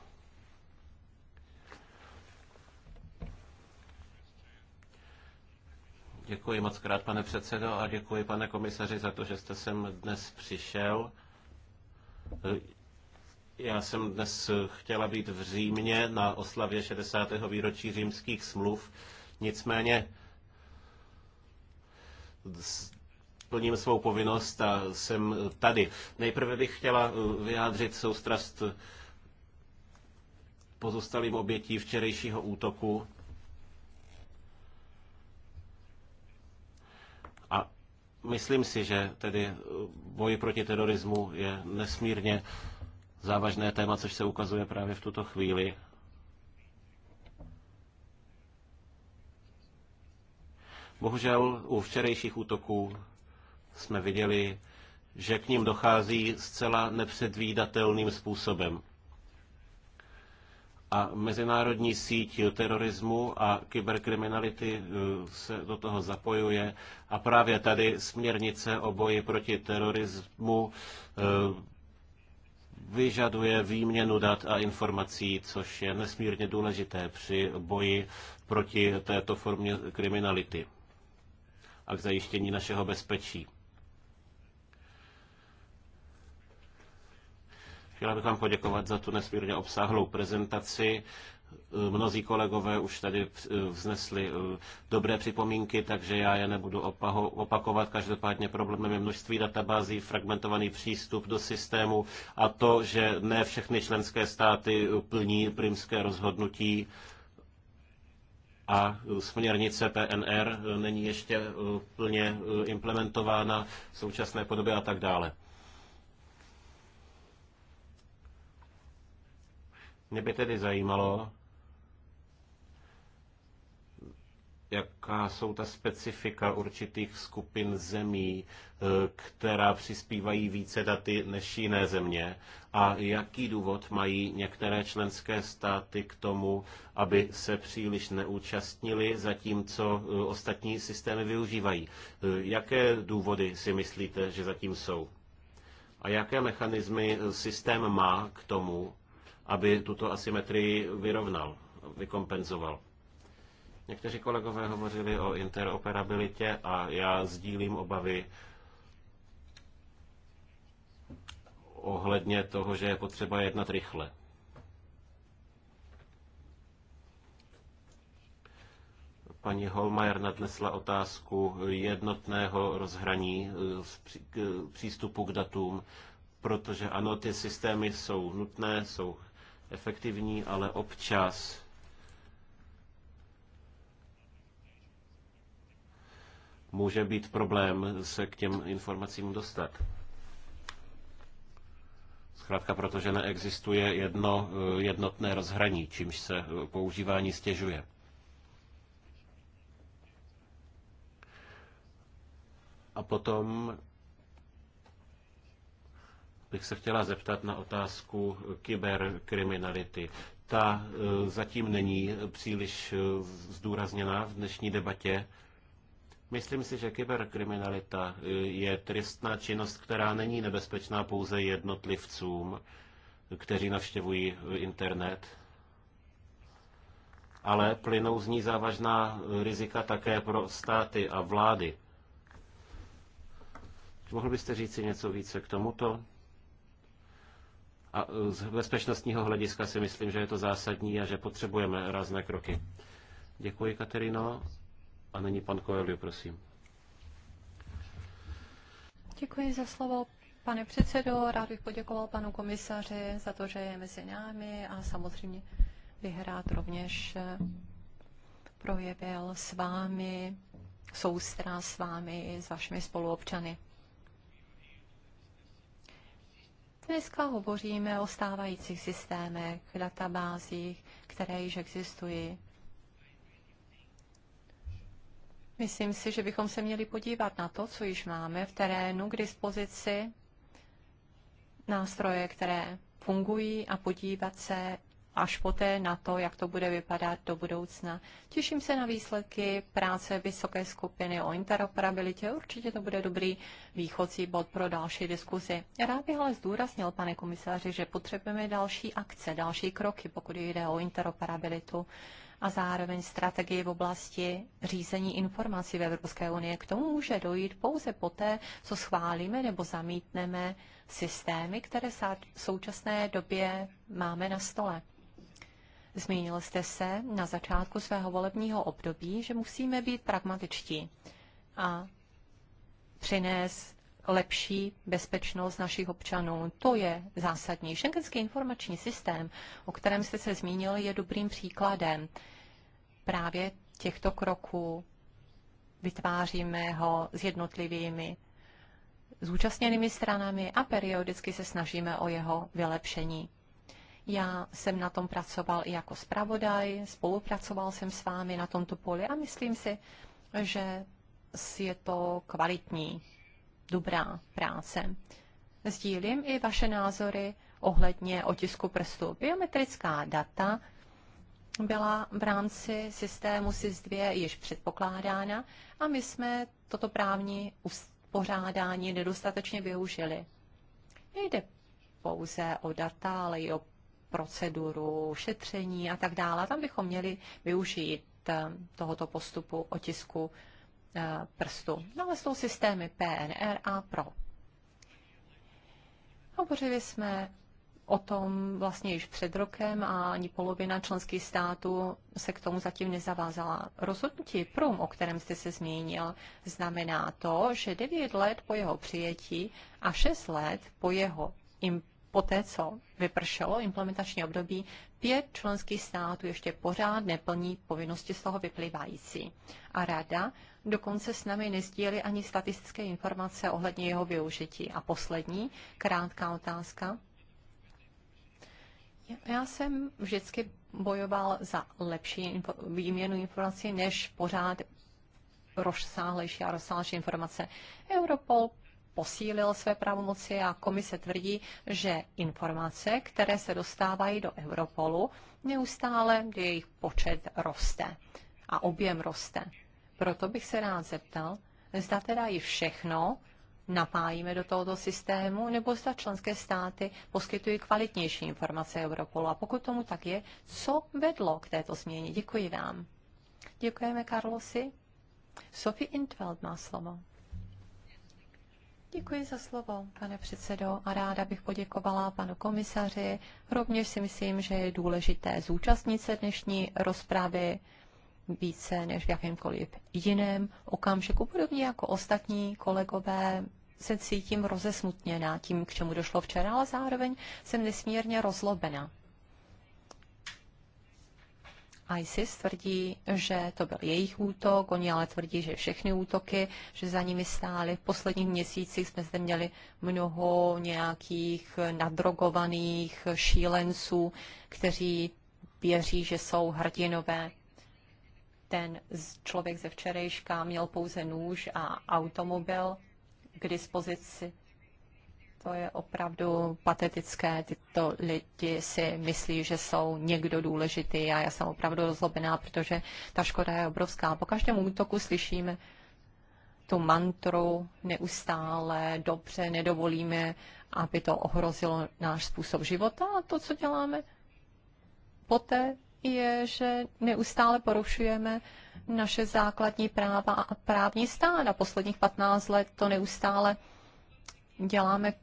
Děkuji moc krát, pane předsedo, a děkuji, pane komisaři, za to, že jste sem dnes přišel. Já jsem dnes chtěla být v Římě na oslavě 60. výročí římských smluv, nicméně plním svou povinnost a jsem tady. Nejprve bych chtěla vyjádřit soustrast pozůstalým obětí včerejšího útoku Myslím si, že tedy eh, boj proti terorismu je nesmírně závažné téma, což se ukazuje právě v tuto chvíli. Bohužel u včerejších útoků jsme viděli, že k ním dochází zcela nepředvídatelným způsobem. A mezinárodní síť terorismu a kyberkriminality eh, se do toho zapojuje. A právě tady směrnice o boji proti terorismu eh, vyžaduje výměnu dat a informací, což je nesmírně důležité při boji proti této formě kriminality a k zajištění našeho bezpečí. Chtěla bych vám poděkovat za tu nesmírně obsáhlou prezentaci. Mnozí kolegové už tady vznesli eh, dobré připomínky, takže já je nebudu opakovat. Každopádně problémem je množství databází, fragmentovaný přístup do systému a to, že ne všechny členské státy plní primské rozhodnutí a směrnice PNR není ještě eh, plně eh, implementována v současné podobě a tak dále. Mě by tedy zajímalo, jaká jsou ta specifika určitých skupin zemí, eh, která přispívají více daty než jiné země a jaký důvod mají některé členské státy k tomu, aby se příliš neúčastnili, zatímco eh, ostatní systémy využívají. Eh, jaké důvody si myslíte, že zatím jsou? A jaké mechanismy systém má k tomu, aby tuto asymetrii vyrovnal, vykompenzoval. Někteří kolegové hovořili o interoperabilitě a já sdílím obavy ohledně toho, že je potřeba jednat rychle. Paní Holmajer nadnesla otázku jednotného rozhraní eh, přístupu k datům, protože ano, ty systémy jsou nutné, jsou efektivní, ale občas může být problém se k těm informacím dostat. Zkrátka protože neexistuje jedno eh, jednotné rozhraní, čímž se eh, používání stěžuje. A potom bych se chtěla zeptat na otázku kyberkriminality. Ta e, zatím není příliš e, zdůrazněná v dnešní debatě. Myslím si, že kyberkriminalita e, je tristná činnost, která není nebezpečná pouze jednotlivcům, kteří navštěvují internet, ale plynou z ní závažná rizika také pro státy a vlády. Mohl byste si něco více k tomuto? A e, z bezpečnostního hlediska si myslím, že je to zásadní a že potřebujeme rázné kroky. Děkuji, Katerino. A nyní pan Koelio, prosím. Děkuji za slovo. Pane předsedo, rád bych poděkoval panu komisaři za to, že je mezi námi a samozřejmě bych rád rovněž e, projevil s vámi soustra s vámi, s vašimi spoluobčany. Dneska hovoříme o stávajících systémech, databázích, které již existují. Myslím si, že bychom se měli podívat na to, co již máme v terénu k dispozici, nástroje, které fungují a podívat se, až poté na to, jak to bude vypadat do budoucna. Těším se na výsledky práce vysoké skupiny o interoperabilitě. Určitě to bude dobrý východcí bod pro další diskuzi. Rád bych ale zdůraznil, pane komisáři, že potřebujeme další akce, další kroky, pokud jde o interoperabilitu a zároveň strategii v oblasti řízení informací v Evropské unii. K tomu může dojít pouze poté, co schválíme nebo zamítneme systémy, které v současné době máme na stole. Zmínil jste se na začátku svého volebního období, že musíme být pragmatičtí a přinést lepší bezpečnost našich občanů. To je zásadní. Šengenský informační systém, o kterém jste se zmínil, je dobrým příkladem právě těchto kroků. Vytváříme ho s jednotlivými zúčastněnými stranami a periodicky se snažíme o jeho vylepšení. Já jsem na tom pracoval i jako zpravodaj, spolupracoval jsem s vámi na tomto poli a myslím si, že je to kvalitní, dobrá práce. Sdílím i vaše názory ohledně otisku prstů. Biometrická data byla v rámci systému SIS-2 již předpokládána a my jsme toto právní uspořádání nedostatečně využili. Nejde pouze o data, ale i o proceduru, šetření a tak dále. Tam bychom měli využít eh, tohoto postupu otisku eh, prstu. No ale jsou systémy PNR a PRO. Hovořili jsme o tom vlastně již před rokem a ani polovina členských států se k tomu zatím nezavázala. Rozhodnutí PRUM, o kterém jste se zmínil, znamená to, že 9 let po jeho přijetí a 6 let po jeho imp poté, co vypršelo implementační období, pět členských států ještě pořád neplní povinnosti z toho vyplývající. A rada dokonce s námi nezdílí ani statistické informace ohledně jeho využití. A poslední, krátká otázka. Já jsem vždycky bojoval za lepší výměnu informací, než pořád rozsáhlejší a rozsáhlejší informace. Europol posílil své pravomoci a komise tvrdí, že informace, které se dostávají do Europolu, neustále jejich počet roste a objem roste. Proto bych se rád zeptal, zda teda i všechno napájíme do tohoto systému, nebo zda členské státy poskytují kvalitnější informace Europolu. A pokud tomu tak je, co vedlo k této změně? Děkuji vám. Děkujeme, Karlosi. Sophie Intveld má slovo. Děkuji za slovo, pane předsedo, a ráda bych poděkovala panu komisaři. Rovněž si myslím, že je důležité zúčastnit se dnešní rozpravy více než v jakémkoliv jiném okamžiku. Podobně jako ostatní kolegové se cítím rozesmutněná tím, k čemu došlo včera, ale zároveň jsem nesmírně rozlobená. ISIS tvrdí, že to byl jejich útok, oni ale tvrdí, že všechny útoky, že za nimi stály. V posledních měsících jsme zde měli mnoho nějakých nadrogovaných šílenců, kteří věří, že jsou hrdinové. Ten člověk ze včerejška měl pouze nůž a automobil k dispozici to je opravdu patetické. Tyto lidi si myslí, že jsou někdo důležitý a já jsem opravdu rozlobená, protože ta škoda je obrovská. Po každém útoku slyšíme tu mantru neustále, dobře, nedovolíme, aby to ohrozilo náš způsob života a to, co děláme poté, je, že neustále porušujeme naše základní práva a právní stát. A posledních 15 let to neustále děláme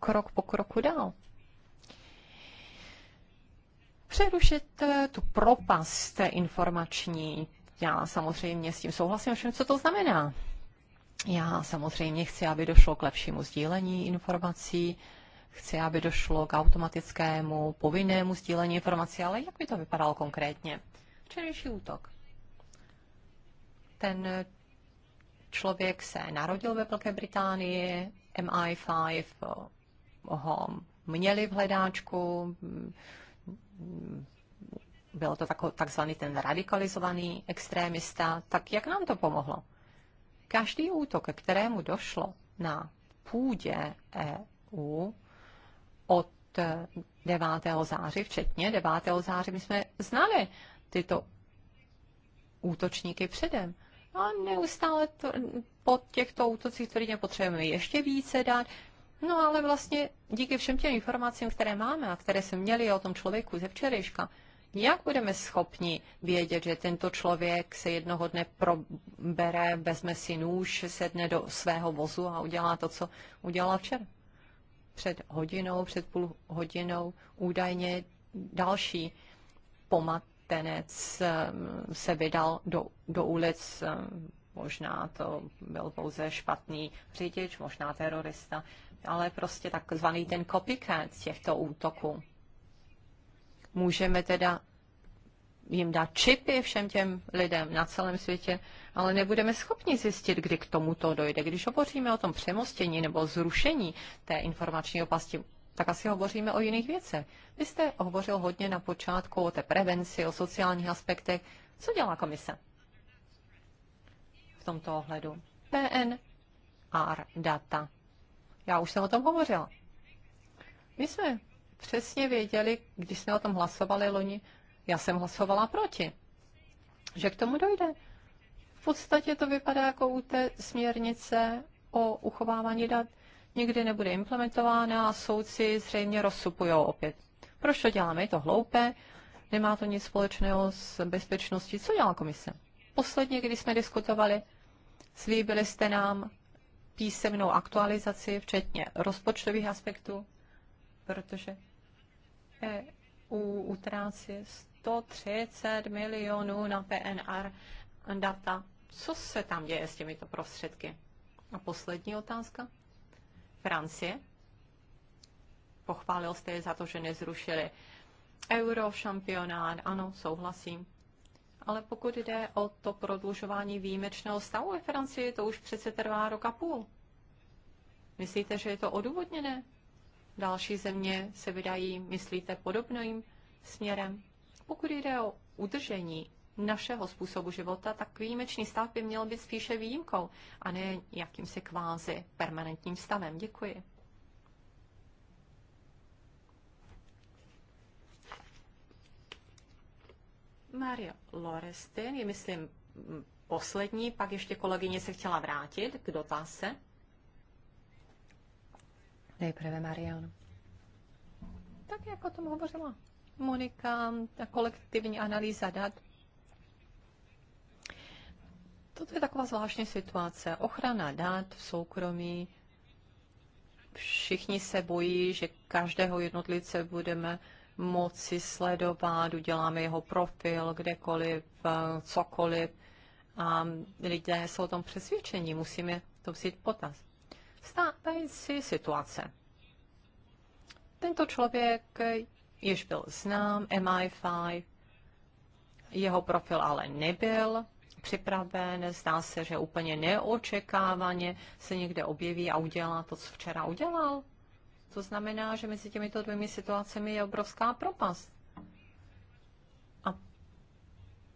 krok po kroku dál. Přerušit eh, tu propast informační, já samozřejmě s tím souhlasím, všem, co to znamená. Já samozřejmě chci, aby došlo k lepšímu sdílení informací, chci, aby došlo k automatickému povinnému sdílení informací, ale jak by to vypadalo konkrétně? Včerejší útok. Ten člověk se narodil ve Velké Británii, MI5 ho měli v hledáčku, byl to takzvaný ten radikalizovaný extrémista, tak jak nám to pomohlo? Každý útok, ke kterému došlo na půdě EU od 9. září, včetně 9. září, my jsme znali tyto útočníky předem. A neustále to, po těchto útocích tvrdě potřebujeme ještě více dát. No ale vlastně díky všem těm informacím, které máme a které jsme měli o tom člověku ze včerejška, jak budeme schopni vědět, že tento člověk se jednoho dne probere, vezme si nůž, sedne do svého vozu a udělá to, co udělal včera? Před hodinou, před půl hodinou údajně další pomat vlastenec ehm, se vydal do, do ulic, ehm, možná to byl pouze špatný řidič, možná terorista, ale prostě takzvaný ten copycat těchto útoků. Můžeme teda jim dát čipy všem těm lidem na celém světě, ale nebudeme schopni zjistit, kdy k tomuto dojde. Když hovoříme o tom přemostění nebo zrušení té informační opasti, tak asi hovoříme o jiných věcech. Vy jste hovořil hodně na počátku o té prevenci, o sociálních aspektech. Co dělá komise v tomto ohledu? PNR data. Já už jsem o tom hovořila. My jsme přesně věděli, když jsme o tom hlasovali loni, já jsem hlasovala proti, že k tomu dojde. V podstatě to vypadá jako u té směrnice o uchovávání dat nikdy nebude implementována a soudci zřejmě rozsupují opět. Proč to děláme? Je to hloupé, nemá to nic společného s bezpečností. Co dělá komise? Posledně, když jsme diskutovali, slíbili jste nám písemnou aktualizaci, včetně rozpočtových aspektů, protože EU utrácí 130 milionů na PNR data. Co se tam děje s těmito prostředky? A poslední otázka. Francie. Pochválil jste je za to, že nezrušili euro šampionát, ano, souhlasím. Ale pokud jde o to prodlužování výjimečného stavu ve Francii, to už přece trvá rok a půl. Myslíte, že je to odůvodněné? Další země se vydají, myslíte, podobným směrem? Pokud jde o udržení našeho způsobu života, tak výjimečný stav by měl být spíše výjimkou a ne jakýmsi kvázi permanentním stavem. Děkuji. Maria Lorestin je, myslím, poslední, pak ještě kolegyně se chtěla vrátit k dotase. Nejprve Marian. Tak jak o tom hovořila Monika, ta kolektivní analýza dat Toto je taková zvláštní situace. Ochrana dát v soukromí. Všichni se bojí, že každého jednotlivce budeme moci sledovat, uděláme jeho profil kdekoliv, eh, cokoliv. A lidé jsou o tom přesvědčení, musíme to vzít potaz. Stávající situace. Tento člověk již byl znám, MI5, jeho profil ale nebyl připraven, zdá se, že úplně neočekávaně se někde objeví a udělá to, co včera udělal. To znamená, že mezi těmito dvěmi situacemi je obrovská propast. A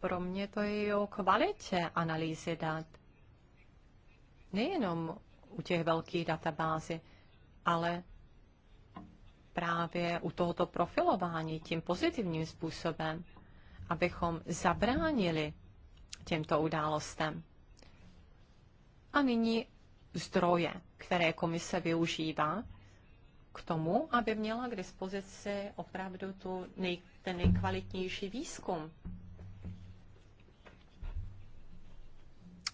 pro mě to je o kvalitě analýzy dat. Nejenom u těch velkých databází, ale právě u tohoto profilování tím pozitivním způsobem, abychom zabránili těmto událostem. A nyní zdroje, které komise využívá k tomu, aby měla k dispozici opravdu tu nej, ten nejkvalitnější výzkum.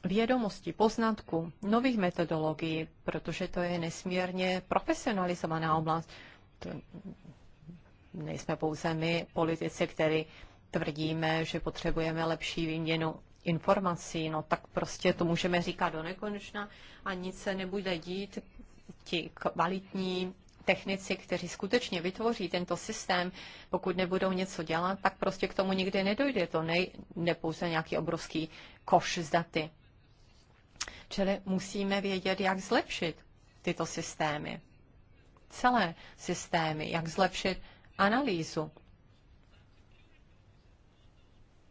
Vědomosti, poznatků, nových metodologií, protože to je nesmírně profesionalizovaná oblast. To nejsme pouze my, politici, který tvrdíme, že potřebujeme lepší výměnu informací, no tak prostě to můžeme říkat do nekonečna a nic se nebude dít. Ti kvalitní technici, kteří skutečně vytvoří tento systém, pokud nebudou něco dělat, tak prostě k tomu nikdy nedojde. To ne, ne pouze nějaký obrovský koš z daty. Čili musíme vědět, jak zlepšit tyto systémy. Celé systémy, jak zlepšit analýzu.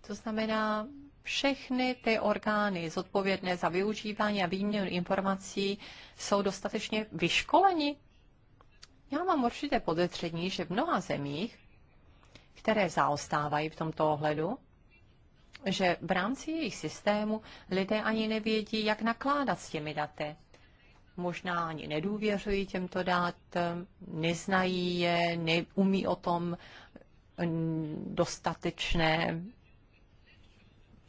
To znamená, všechny ty orgány zodpovědné za využívání a výměnu informací jsou dostatečně vyškoleni? Já mám určité podezření, že v mnoha zemích, které zaostávají v tomto ohledu, že v rámci jejich systému lidé ani nevědí, jak nakládat s těmi daty. Možná ani nedůvěřují těmto dat, neznají je, neumí o tom dostatečné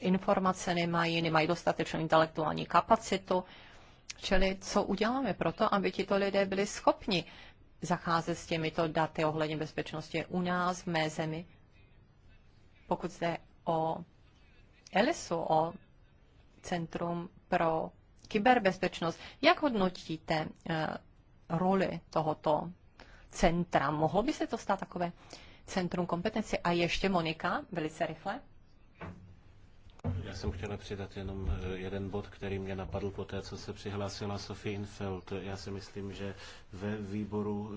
informace nemají, nemají dostatečnou intelektuální kapacitu. Čili co uděláme pro to, aby tito lidé byli schopni zacházet s těmito daty ohledně bezpečnosti u nás, v mé zemi? Pokud jde o ELISu, o Centrum pro kyberbezpečnost, jak hodnotíte eh, roli tohoto centra? Mohlo by se to stát takové centrum kompetenci? A ještě Monika, velice rychle. Já jsem chtěla přidat jenom eh, jeden bod, který mě napadl po té, co se přihlásila Sophie Infeld. Já si myslím, že ve výboru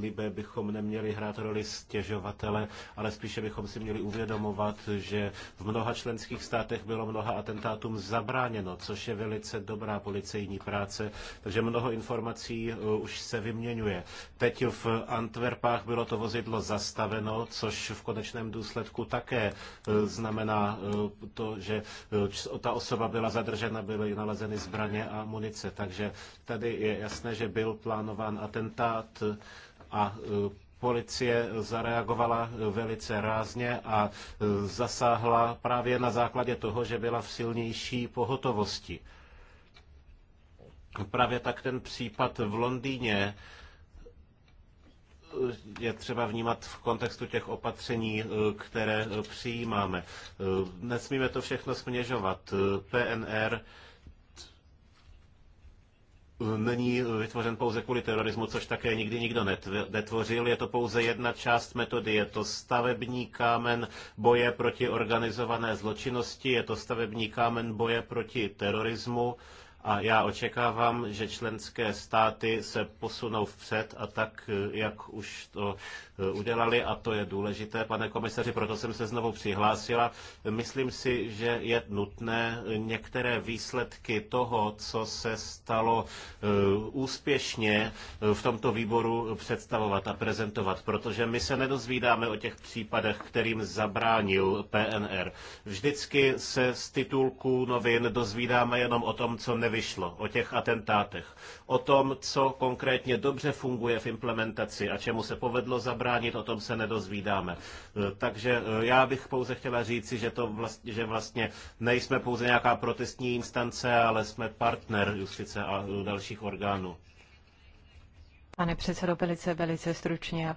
Libe bychom neměli hrát roli stěžovatele, ale spíše bychom si měli uvědomovat, že v mnoha členských státech bylo mnoha atentátům zabráněno, což je velice dobrá policejní práce, takže mnoho informací eh, už se vyměňuje. Teď v Antwerpách bylo to vozidlo zastaveno, což v konečném důsledku také eh, znamená to, že eh, ta osoba byla zadržena, byly nalezeny zbraně a munice. Takže tady je jasné, že byl plánován atentát a eh, policie zareagovala eh, velice rázně a zasáhla právě na základě toho, že byla v silnější pohotovosti. Právě tak ten případ v Londýně je třeba vnímat v kontextu těch opatření, eh, které eh, přijímáme. Eh, nesmíme to všechno směžovat. PNR není vytvořen pouze kvůli terorismu, což také nikdy nikdo netvořil. Je to pouze jedna část metody. Je to stavební kámen boje proti organizované zločinnosti, je to stavební kámen boje proti terorismu a já očekávám, že členské státy se posunou vpřed a tak, eh, jak už to eh, udělali, a to je důležité, pane komisaři, proto jsem se znovu přihlásila. Myslím si, že je nutné některé výsledky toho, co se stalo eh, úspěšně v tomto výboru představovat a prezentovat, protože my se nedozvídáme o těch případech, kterým zabránil PNR. Vždycky se z titulků novin dozvídáme jenom o tom, co nevím nevyšlo, o těch atentátech, o tom, co konkrétně dobře funguje v implementaci a čemu se povedlo zabránit, o tom se nedozvídáme. E, takže e, já bych pouze chtěla říci, že, to vlastně, že vlastně nejsme pouze nějaká protestní instance, ale jsme partner justice a e, dalších orgánů. Pane předsedo, velice, velice stručně a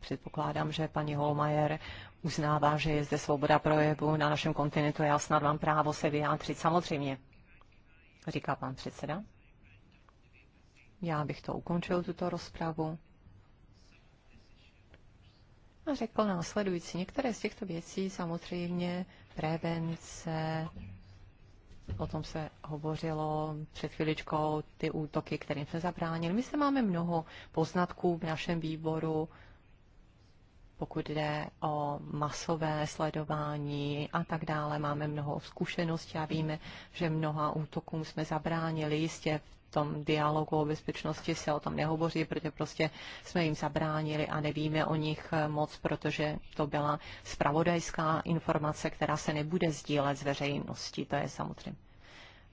předpokládám, že paní Holmajer uznává, že je zde svoboda projevu na našem kontinentu. Já snad mám právo se vyjádřit samozřejmě říká pan předseda. Já bych to ukončil, tuto rozpravu. A řekl následující. Některé z těchto věcí samozřejmě prevence, o tom se hovořilo před chviličkou, ty útoky, kterým jsme zabránili. My se máme mnoho poznatků v našem výboru, pokud jde o masové sledování a tak dále. Máme mnoho zkušeností a víme, že mnoha útokům jsme zabránili. Jistě v tom dialogu o bezpečnosti se o tom nehovoří, protože prostě jsme jim zabránili a nevíme o nich moc, protože to byla spravodajská informace, která se nebude sdílet s veřejností. To je samozřejmě.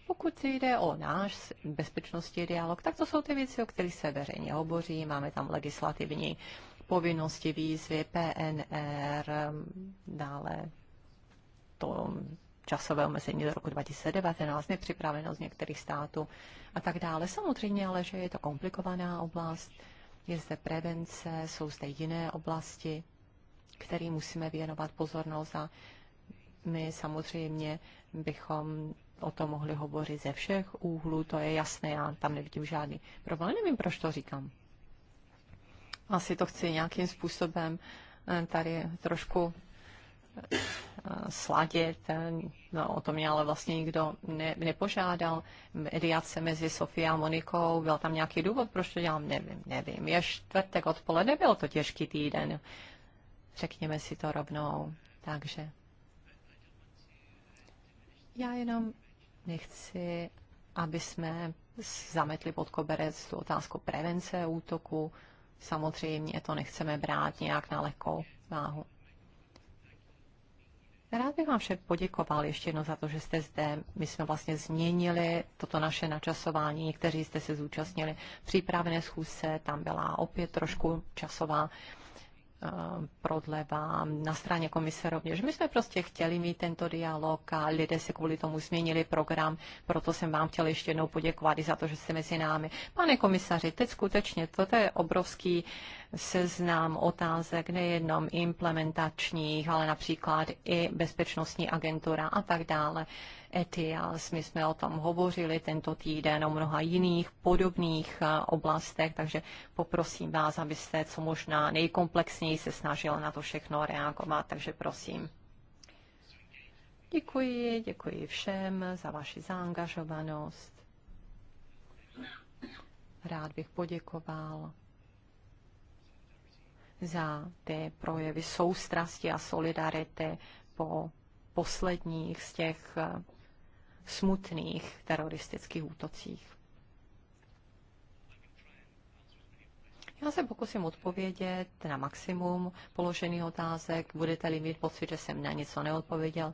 Pokud jde o náš bezpečnostní dialog, tak to jsou ty věci, o kterých se veřejně hovoří. Máme tam legislativní povinnosti výzvy PNR, dále to časové omezení do roku 2019, nepřipravenost některých států a tak dále. Samozřejmě ale, že je to komplikovaná oblast, je zde prevence, jsou zde jiné oblasti, kterým musíme věnovat pozornost a my samozřejmě bychom o tom mohli hovořit ze všech úhlů, to je jasné, já tam nevidím žádný problém, nevím, proč to říkám asi to chci nějakým způsobem eh, tady trošku eh, sladit. Eh, no, o to mě ale vlastně nikdo ne, nepožádal. Mediace mezi Sofí a Monikou, byl tam nějaký důvod, proč to dělám, nevím, nevím. Je čtvrtek odpoledne, byl to těžký týden. Řekněme si to rovnou. Takže já jenom nechci, aby jsme zametli pod koberec tu otázku prevence útoku, samozřejmě to nechceme brát nějak na lehkou váhu. Rád bych vám všem poděkoval ještě jednou za to, že jste zde. My jsme vlastně změnili toto naše načasování. Někteří jste se zúčastnili přípravné schůzce, tam byla opět trošku časová uh, prodleva na straně komise rovněž. My jsme prostě chtěli mít tento dialog a lidé si kvůli tomu změnili program, proto jsem vám chtěla ještě jednou poděkovat i za to, že jste mezi námi. Pane komisaři, teď skutečně toto je obrovský seznam otázek nejenom implementačních, ale například i bezpečnostní agentura a tak dále. ETIAS, my jsme o tom hovořili tento týden, o mnoha jiných podobných eh, oblastech, takže poprosím vás, abyste co možná nejkomplexněji se snažili na to všechno reagovat, takže prosím. Děkuji, děkuji všem za vaši zaangažovanost. Rád bych poděkoval za ty projevy soustrasti a solidarity po posledních z těch eh, smutných teroristických útocích. Já se pokusím odpovědět na maximum položených otázek. Budete-li mít pocit, že jsem na něco neodpověděl,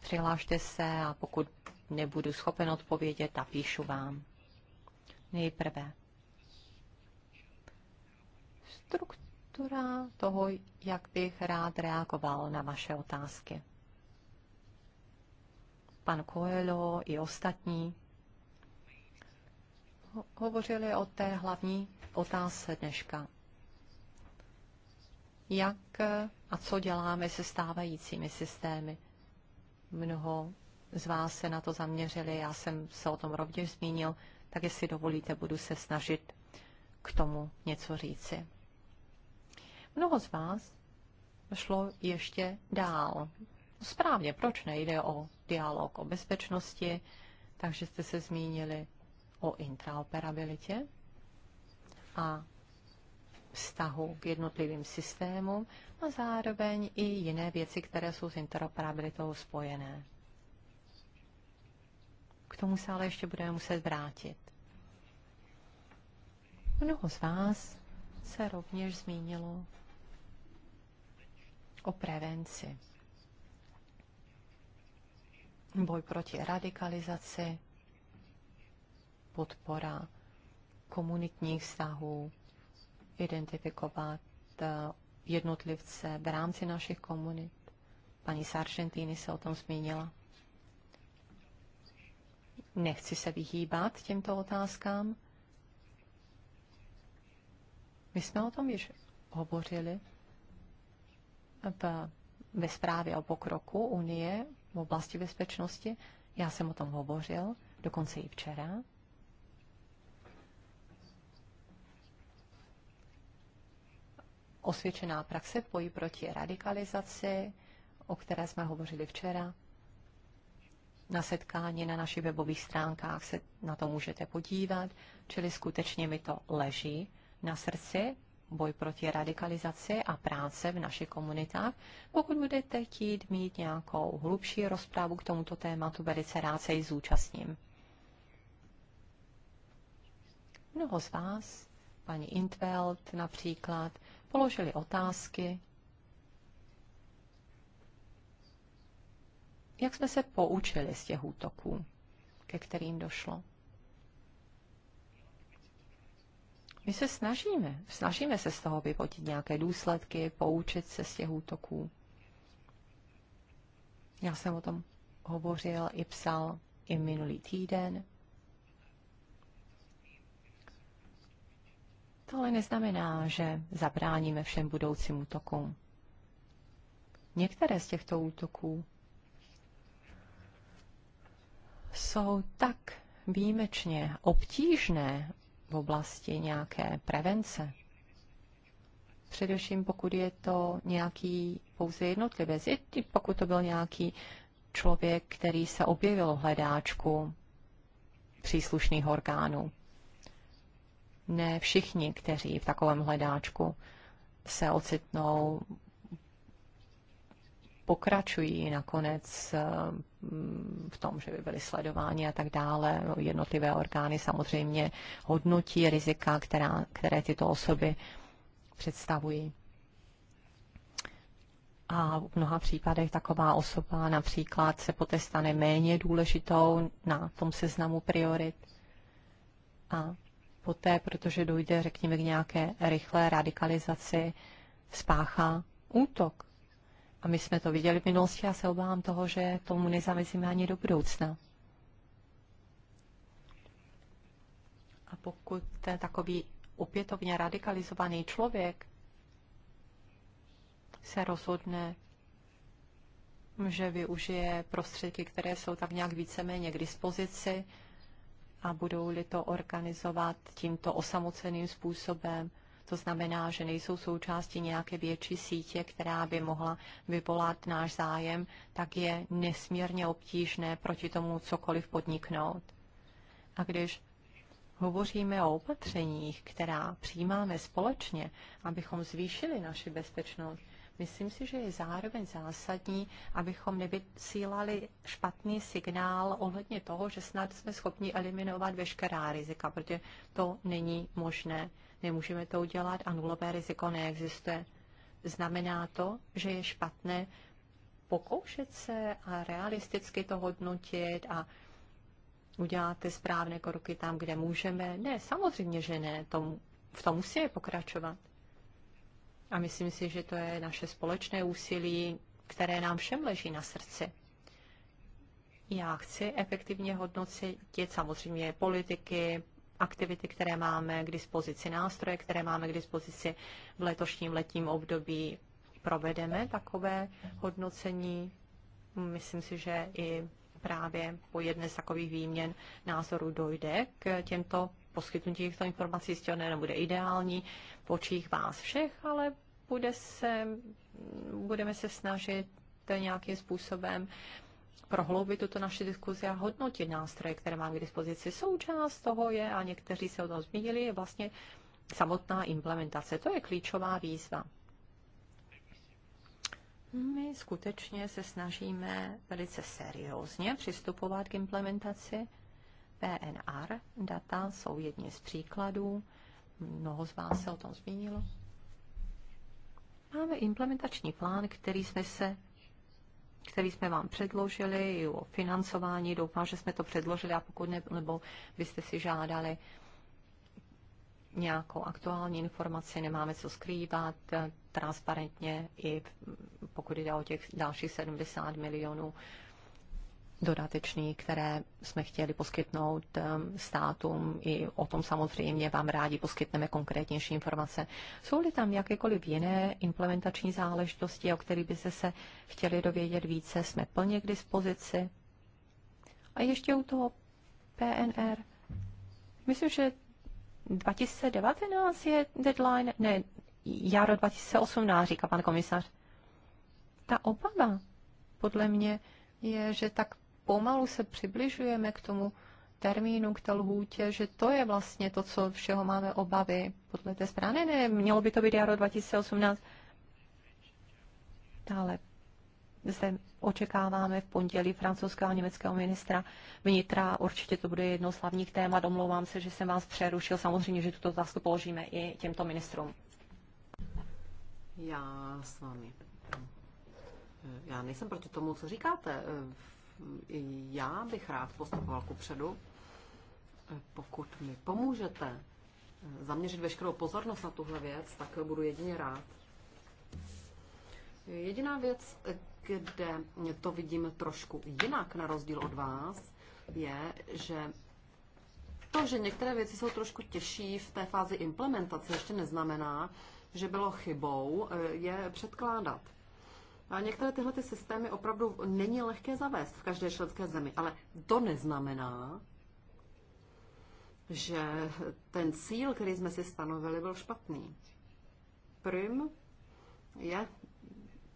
přihlášte se a pokud nebudu schopen odpovědět, napíšu vám. Nejprve. Struktura struktura toho, jak bych rád reagoval na vaše otázky. Pan Coelho i ostatní hovořili o té hlavní otázce dneška. Jak a co děláme se stávajícími systémy? Mnoho z vás se na to zaměřili, já jsem se o tom rovněž zmínil, tak jestli dovolíte, budu se snažit k tomu něco říci. Mnoho z vás šlo ještě dál. Správně, proč nejde o dialog o bezpečnosti, takže jste se zmínili o intraoperabilitě a vztahu k jednotlivým systémům a zároveň i jiné věci, které jsou s interoperabilitou spojené. K tomu se ale ještě budeme muset vrátit. Mnoho z vás se rovněž zmínilo o prevenci. Boj proti radikalizaci, podpora komunitních vztahů, identifikovat eh, jednotlivce v rámci našich komunit. Paní Sargentini se o tom zmínila. Nechci se vyhýbat těmto otázkám. My jsme o tom již hovořili v, ve zprávě o pokroku Unie v oblasti bezpečnosti. Já jsem o tom hovořil, dokonce i včera. Osvědčená praxe v boji proti radikalizaci, o které jsme hovořili včera, na setkání na našich webových stránkách se na to můžete podívat, čili skutečně mi to leží na srdci, boj proti radikalizaci a práce v našich komunitách. Pokud budete chtít mít nějakou hlubší rozprávu k tomuto tématu, velice rád se ji zúčastním. Mnoho z vás, paní Intveld například, položili otázky, jak jsme se poučili z těch útoků, ke kterým došlo. My se snažíme, snažíme se z toho vyvodit nějaké důsledky, poučit se z těch útoků. Já jsem o tom hovořil i psal i minulý týden. To ale neznamená, že zabráníme všem budoucím útokům. Některé z těchto útoků jsou tak výjimečně obtížné v oblasti nějaké prevence. Především pokud je to nějaký pouze jednotlivec, i pokud to byl nějaký člověk, který se objevil v hledáčku příslušných orgánů. Ne všichni, kteří v takovém hledáčku se ocitnou, pokračují nakonec eh, v tom, že by byly sledováni a tak dále. Jednotlivé orgány samozřejmě hodnotí rizika, která, které tyto osoby představují. A v mnoha případech taková osoba například se poté stane méně důležitou na tom seznamu priorit. A poté, protože dojde, řekněme, k nějaké rychlé radikalizaci, spáchá útok a my jsme to viděli v minulosti a se obávám toho, že tomu nezamezíme ani do budoucna. A pokud takový opětovně radikalizovaný člověk se rozhodne, že využije prostředky, které jsou tak nějak víceméně k dispozici a budou-li to organizovat tímto osamoceným způsobem, to znamená, že nejsou součástí nějaké větší sítě, která by mohla vyvolat náš zájem, tak je nesmírně obtížné proti tomu cokoliv podniknout. A když hovoříme o opatřeních, která přijímáme společně, abychom zvýšili naši bezpečnost, myslím si, že je zároveň zásadní, abychom nevysílali špatný signál ohledně toho, že snad jsme schopni eliminovat veškerá rizika, protože to není možné. Nemůžeme to udělat a nulové riziko neexistuje. Znamená to, že je špatné pokoušet se a realisticky to hodnotit a udělat ty správné kroky tam, kde můžeme. Ne, samozřejmě, že ne. To, v tom musíme pokračovat. A myslím si, že to je naše společné úsilí, které nám všem leží na srdci. Já chci efektivně hodnotit samozřejmě politiky, aktivity, které máme k dispozici, nástroje, které máme k dispozici v letošním letním období, provedeme takové hodnocení. Myslím si, že i právě po jedné z takových výměn názorů dojde k těmto poskytnutí těchto informací. Jistě nebude ideální v očích vás všech, ale bude se, budeme se snažit nějakým způsobem prohloubit tuto naši diskuzi a hodnotit nástroje, které mám k dispozici. Součást toho je, a někteří se o tom zmínili, je vlastně samotná implementace. To je klíčová výzva. My skutečně se snažíme velice seriózně přistupovat k implementaci. PNR data jsou jedni z příkladů. Mnoho z vás se o tom zmínilo. Máme implementační plán, který jsme se který jsme vám předložili, i o financování. Doufám, že jsme to předložili a pokud ne, nebo byste si žádali nějakou aktuální informaci, nemáme co skrývat, eh, transparentně i pokud jde o těch dalších 70 milionů dodatečný, které jsme chtěli poskytnout ehm, státům. I o tom samozřejmě vám rádi poskytneme konkrétnější informace. Jsou-li tam jakékoliv jiné implementační záležitosti, o kterých byste se chtěli dovědět více, jsme plně k dispozici. A ještě u toho PNR. Myslím, že 2019 je deadline, ne, jaro 2018, říká pan komisař. Ta obava, podle mě, je, že tak pomalu se přibližujeme k tomu termínu, k té lhůtě, že to je vlastně to, co všeho máme obavy podle té strany. Ne, mělo by to být jaro 2018. Dále zde očekáváme v pondělí francouzského a německého ministra vnitra. Určitě to bude jedno z hlavních témat. Domlouvám se, že jsem vás přerušil. Samozřejmě, že tuto otázku položíme i těmto ministrům. Já s vámi. Eh, já nejsem proti tomu, co říkáte. Eh, já bych rád postupoval ku předu. Pokud mi pomůžete eh, zaměřit veškerou pozornost na tuhle věc, tak budu jedině rád. Jediná věc, eh, kde to vidím trošku jinak na rozdíl od vás, je, že to, že některé věci jsou trošku těžší v té fázi implementace, ještě neznamená, že bylo chybou eh, je předkládat. A některé tyhle ty systémy opravdu není lehké zavést v každé členské zemi, ale to neznamená, že ten cíl, který jsme si stanovili, byl špatný. Prim je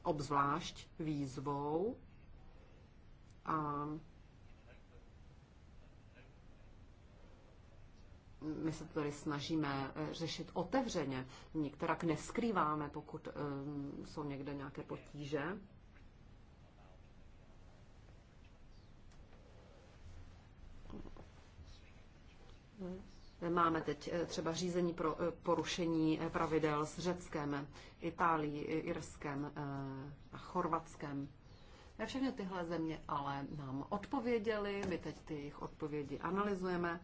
obzvlášť výzvou a my se to tady snažíme eh, řešit otevřeně, některak neskrýváme, pokud eh, jsou někde nějaké potíže. Máme teď eh, třeba řízení pro porušení pravidel s Řeckem, Itálií, Irskem a Chorvatskem. Všechny tyhle země ale nám odpověděly, my teď ty jejich odpovědi analyzujeme.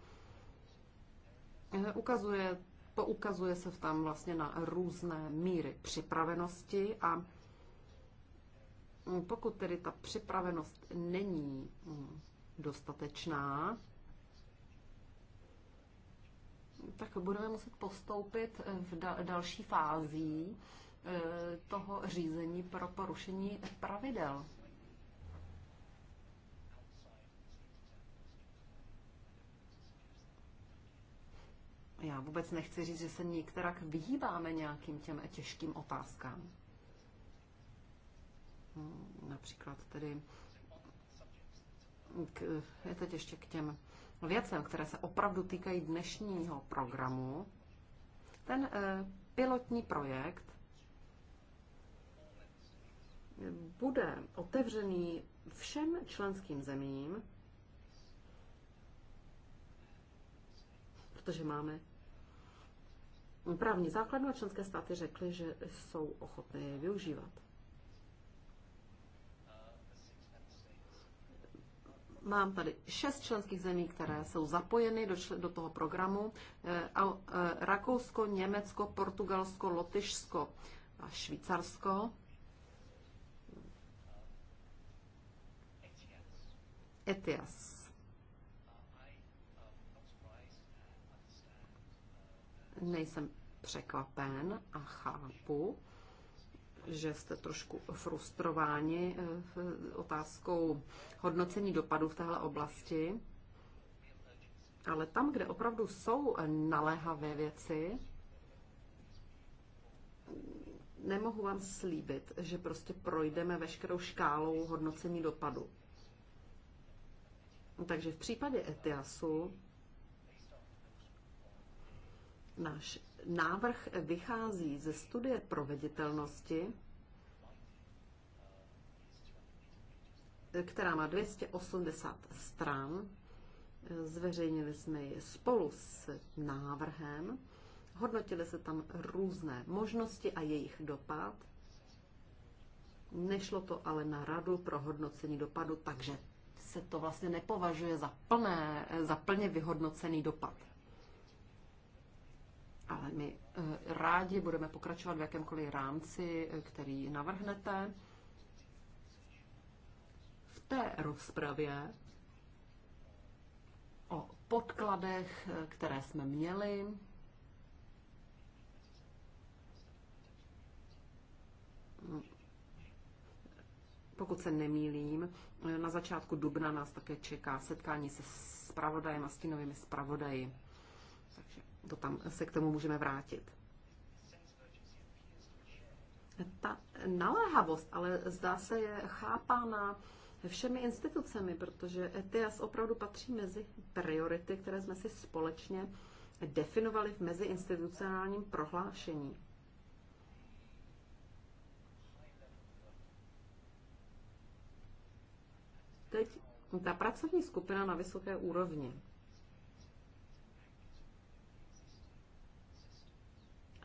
Eh, ukazuje, poukazuje se tam vlastně na různé míry připravenosti a mm, pokud tedy ta připravenost není mm, dostatečná, tak budeme muset postoupit eh, v další fází eh, toho řízení pro porušení pravidel. Já vůbec nechci říct, že se některak vyhýbáme nějakým těm těžkým otázkám. Hmm, například tedy k, je teď ještě k těm věcem, které se opravdu týkají dnešního programu. Ten e, pilotní projekt bude otevřený všem členským zemím, protože máme právní základnu a členské státy řekly, že jsou ochotné je využívat. Mám tady šest členských zemí, které jsou zapojeny do, čl- do toho programu. Eh, a eh, Rakousko, Německo, Portugalsko, Lotyšsko a Švýcarsko. ETIAS. nejsem překvapen a chápu, že jste trošku frustrováni eh, otázkou hodnocení dopadu v téhle oblasti. Ale tam, kde opravdu jsou naléhavé věci, nemohu vám slíbit, že prostě projdeme veškerou škálou hodnocení dopadu. Takže v případě Etiasu Náš návrh vychází ze studie proveditelnosti, která má 280 stran. Zveřejnili jsme ji spolu s návrhem. Hodnotily se tam různé možnosti a jejich dopad. Nešlo to ale na radu pro hodnocení dopadu, takže se to vlastně nepovažuje za, plné, za plně vyhodnocený dopad ale my eh, rádi budeme pokračovat v jakémkoliv rámci, eh, který navrhnete. V té rozpravě o podkladech, eh, které jsme měli, pokud se nemýlím, na začátku dubna nás také čeká setkání se spravodajem a stínovými spravodaji. Takže to tam se k tomu můžeme vrátit. Ta naléhavost ale zdá se je chápána všemi institucemi, protože ETIAS opravdu patří mezi priority, které jsme si společně definovali v meziinstitucionálním prohlášení. Teď ta pracovní skupina na vysoké úrovni.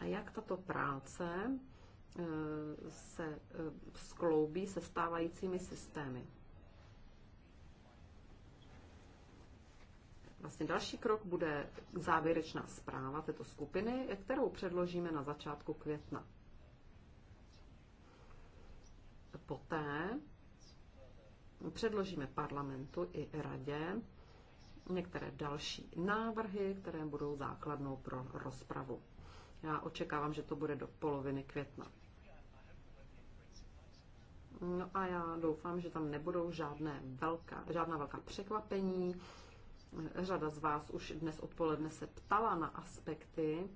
a jak tato práce eh, se eh, skloubí se stávajícími systémy. Vlastně další krok bude závěrečná zpráva této skupiny, kterou předložíme na začátku května. Poté předložíme parlamentu i radě některé další návrhy, které budou základnou pro rozpravu. Já očekávám, že to bude do poloviny května. No a já doufám, že tam nebudou žádné velká, žádná velká překvapení. Řada z vás už dnes odpoledne se ptala na aspekty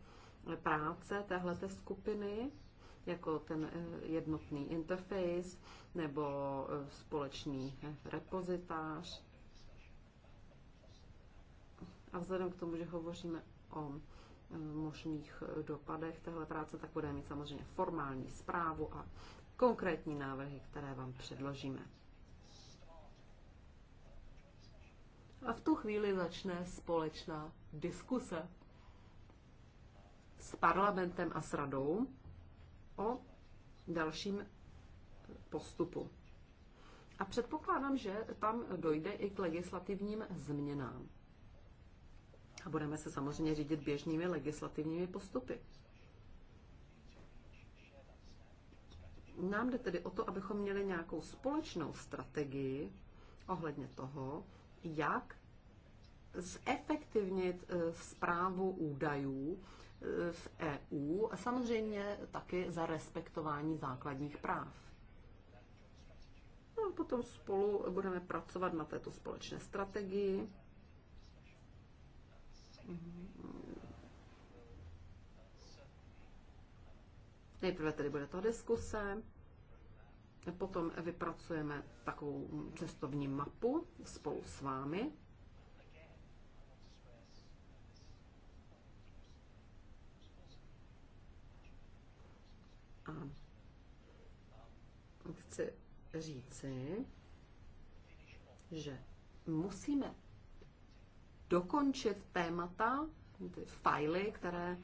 práce téhleté skupiny, jako ten eh, jednotný interface nebo eh, společný eh, repozitář. A vzhledem k tomu, že hovoříme o možných eh, dopadech téhle práce, tak budeme mít samozřejmě formální zprávu a konkrétní návrhy, které vám předložíme. A v tu chvíli začne společná diskuse s parlamentem a s radou o dalším postupu. A předpokládám, že tam dojde i k legislativním změnám. A budeme se samozřejmě řídit běžnými legislativními postupy. Nám jde tedy o to, abychom měli nějakou společnou strategii ohledně toho, jak zefektivnit zprávu eh, údajů eh, v EU a samozřejmě taky za respektování základních práv. No a potom spolu budeme pracovat na této společné strategii Mhm. Nejprve tedy bude ta diskuse, potom vypracujeme takovou cestovní mapu spolu s vámi. A chci říci, že musíme dokončit témata, ty fajly, které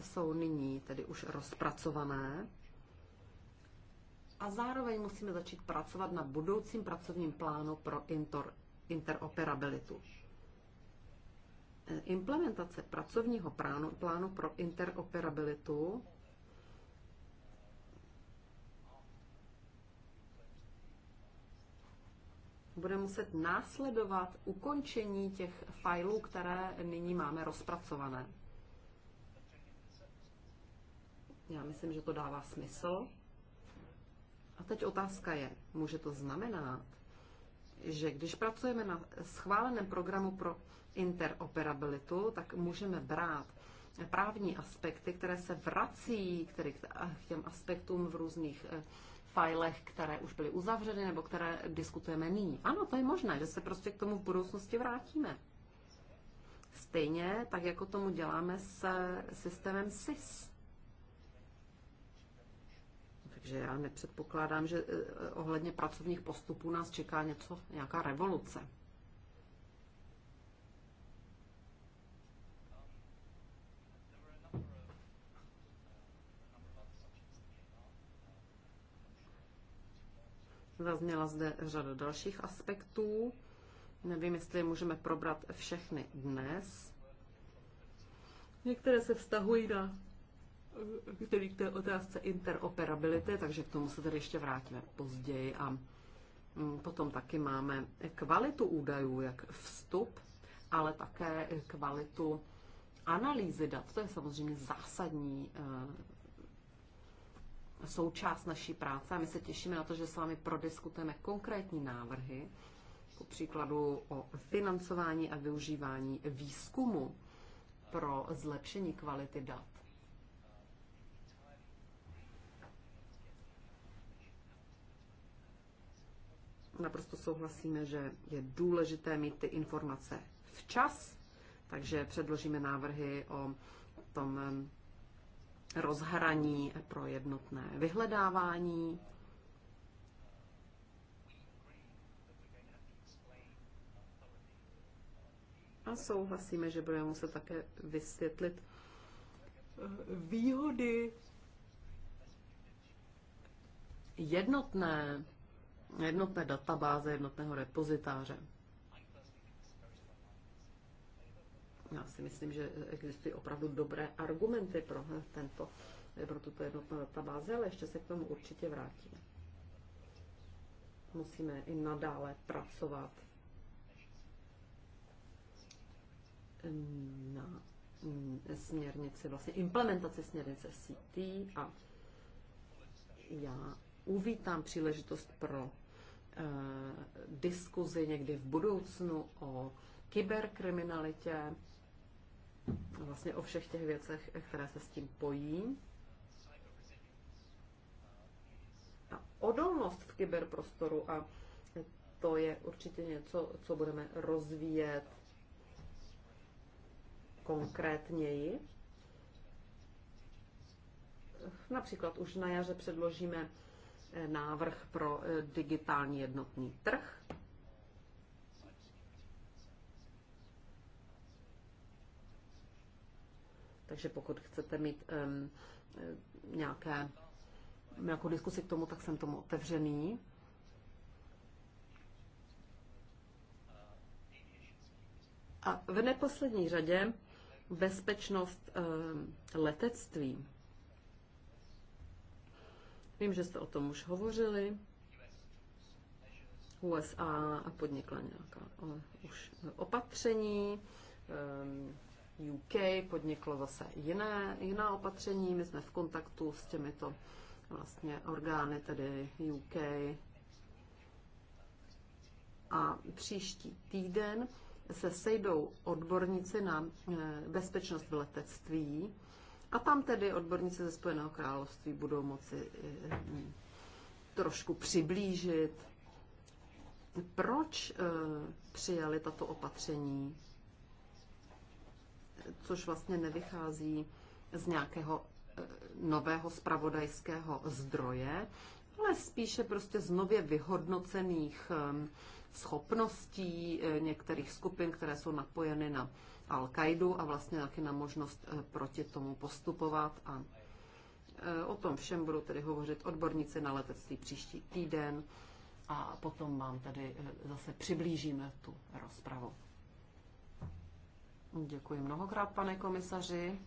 jsou nyní tedy už rozpracované. A zároveň musíme začít pracovat na budoucím pracovním plánu pro inter, interoperabilitu. E, implementace pracovního plánu, plánu pro interoperabilitu bude muset následovat ukončení těch fajlů, které nyní máme rozpracované. Já myslím, že to dává smysl. A teď otázka je, může to znamenat, že když pracujeme na schváleném programu pro interoperabilitu, tak můžeme brát právní aspekty, které se vrací k těm aspektům v různých eh, filech, které už byly uzavřeny nebo které diskutujeme nyní. Ano, to je možné, že se prostě k tomu v budoucnosti vrátíme. Stejně tak, jako tomu děláme s systémem SIS. Takže já nepředpokládám, že eh, eh, ohledně pracovních postupů nás čeká něco, nějaká revoluce. Zazněla zde řada dalších aspektů. Nevím, jestli je můžeme probrat všechny dnes. Některé se vztahují na který k té otázce interoperability, takže k tomu se tady ještě vrátíme později. A mm, potom taky máme kvalitu údajů, jak vstup, ale také kvalitu analýzy dat. To je samozřejmě zásadní eh, součást naší práce a my se těšíme na to, že s vámi prodiskutujeme konkrétní návrhy, ku příkladu o financování a využívání výzkumu pro zlepšení kvality dat. Naprosto souhlasíme, že je důležité mít ty informace včas, takže předložíme návrhy o tom rozhraní pro jednotné vyhledávání. A souhlasíme, že budeme muset také vysvětlit eh, výhody jednotné, jednotné databáze, jednotného repozitáře. Já si myslím, že existují opravdu dobré argumenty pro, tento, pro tuto jednotnou databázi, ale ještě se k tomu určitě vrátíme. Musíme i nadále pracovat na směrnici, vlastně implementaci směrnice CT a já uvítám příležitost pro eh, diskuzi někdy v budoucnu o kyberkriminalitě vlastně o všech těch věcech, které se s tím pojí. A odolnost v kyberprostoru a to je určitě něco, co budeme rozvíjet konkrétněji. Například už na jaře předložíme eh, návrh pro eh, digitální jednotný trh. Takže pokud chcete mít um, nějaké, nějakou diskusi k tomu, tak jsem tomu otevřený. A v neposlední řadě bezpečnost um, letectví. Vím, že jste o tom už hovořili. USA podnikla nějaká uh, už opatření. Um, UK podniklo zase jiné, jiná opatření. My jsme v kontaktu s těmito vlastně orgány, tedy UK. A příští týden se sejdou odborníci na eh, bezpečnost v letectví a tam tedy odborníci ze Spojeného království budou moci eh, trošku přiblížit, proč eh, přijali tato opatření což vlastně nevychází z nějakého eh, nového spravodajského zdroje, ale spíše prostě z nově vyhodnocených ehm, schopností eh, některých skupin, které jsou napojeny na Al-Kaidu a vlastně taky na možnost eh, proti tomu postupovat. A o tom všem budou tedy hovořit odborníci na letectví příští týden a potom vám tady zase přiblížíme tu rozpravu. Děkuji mnohokrát, pane komisaři.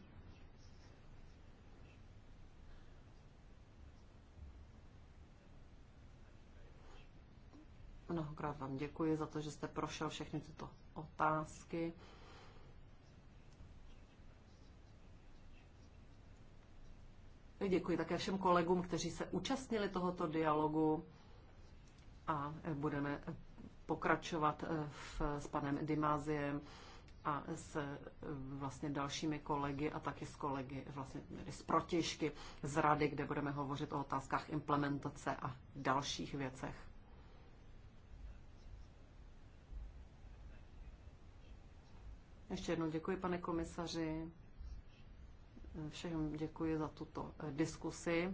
Mnohokrát vám děkuji za to, že jste prošel všechny tyto otázky. Děkuji také všem kolegům, kteří se účastnili tohoto dialogu a budeme pokračovat v, s panem Dimáziem a s e, vlastně dalšími kolegy a taky s kolegy, vlastně z protěžky z rady, kde budeme hovořit o otázkách implementace a dalších věcech. Ještě jednou děkuji, pane komisaři. Všem děkuji za tuto e, diskusi.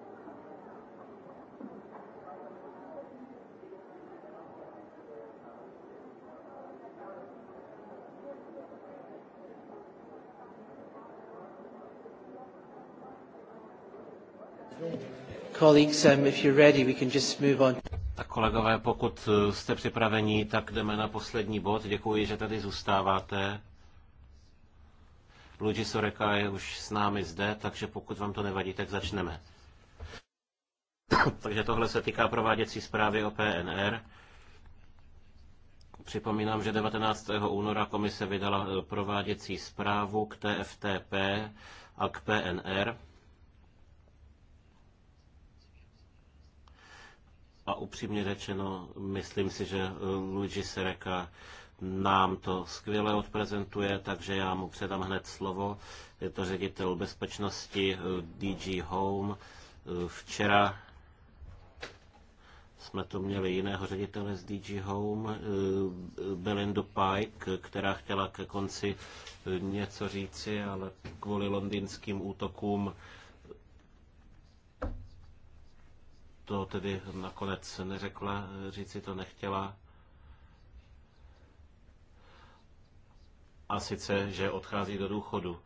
Colleagues, um, if you're ready, we can just move on. Tak kolegové, pokud eh, jste připraveni, tak jdeme na poslední bod. Děkuji, že tady zůstáváte. Luigi Soreka je už s námi zde, takže pokud vám to nevadí, tak začneme. takže tohle se týká prováděcí zprávy o PNR. Připomínám, že 19. února komise vydala eh, prováděcí zprávu k TFTP a k PNR. A upřímně řečeno, myslím si, že eh, Luigi Sereka nám to skvěle odprezentuje, takže já mu předám hned slovo. Je to ředitel bezpečnosti eh, DG Home. Eh, včera jsme tu měli jiného ředitele z DG Home, Belindu Pike, která chtěla ke konci něco říci, ale kvůli londýnským útokům to tedy nakonec neřekla, říci to nechtěla. A sice, že odchází do důchodu.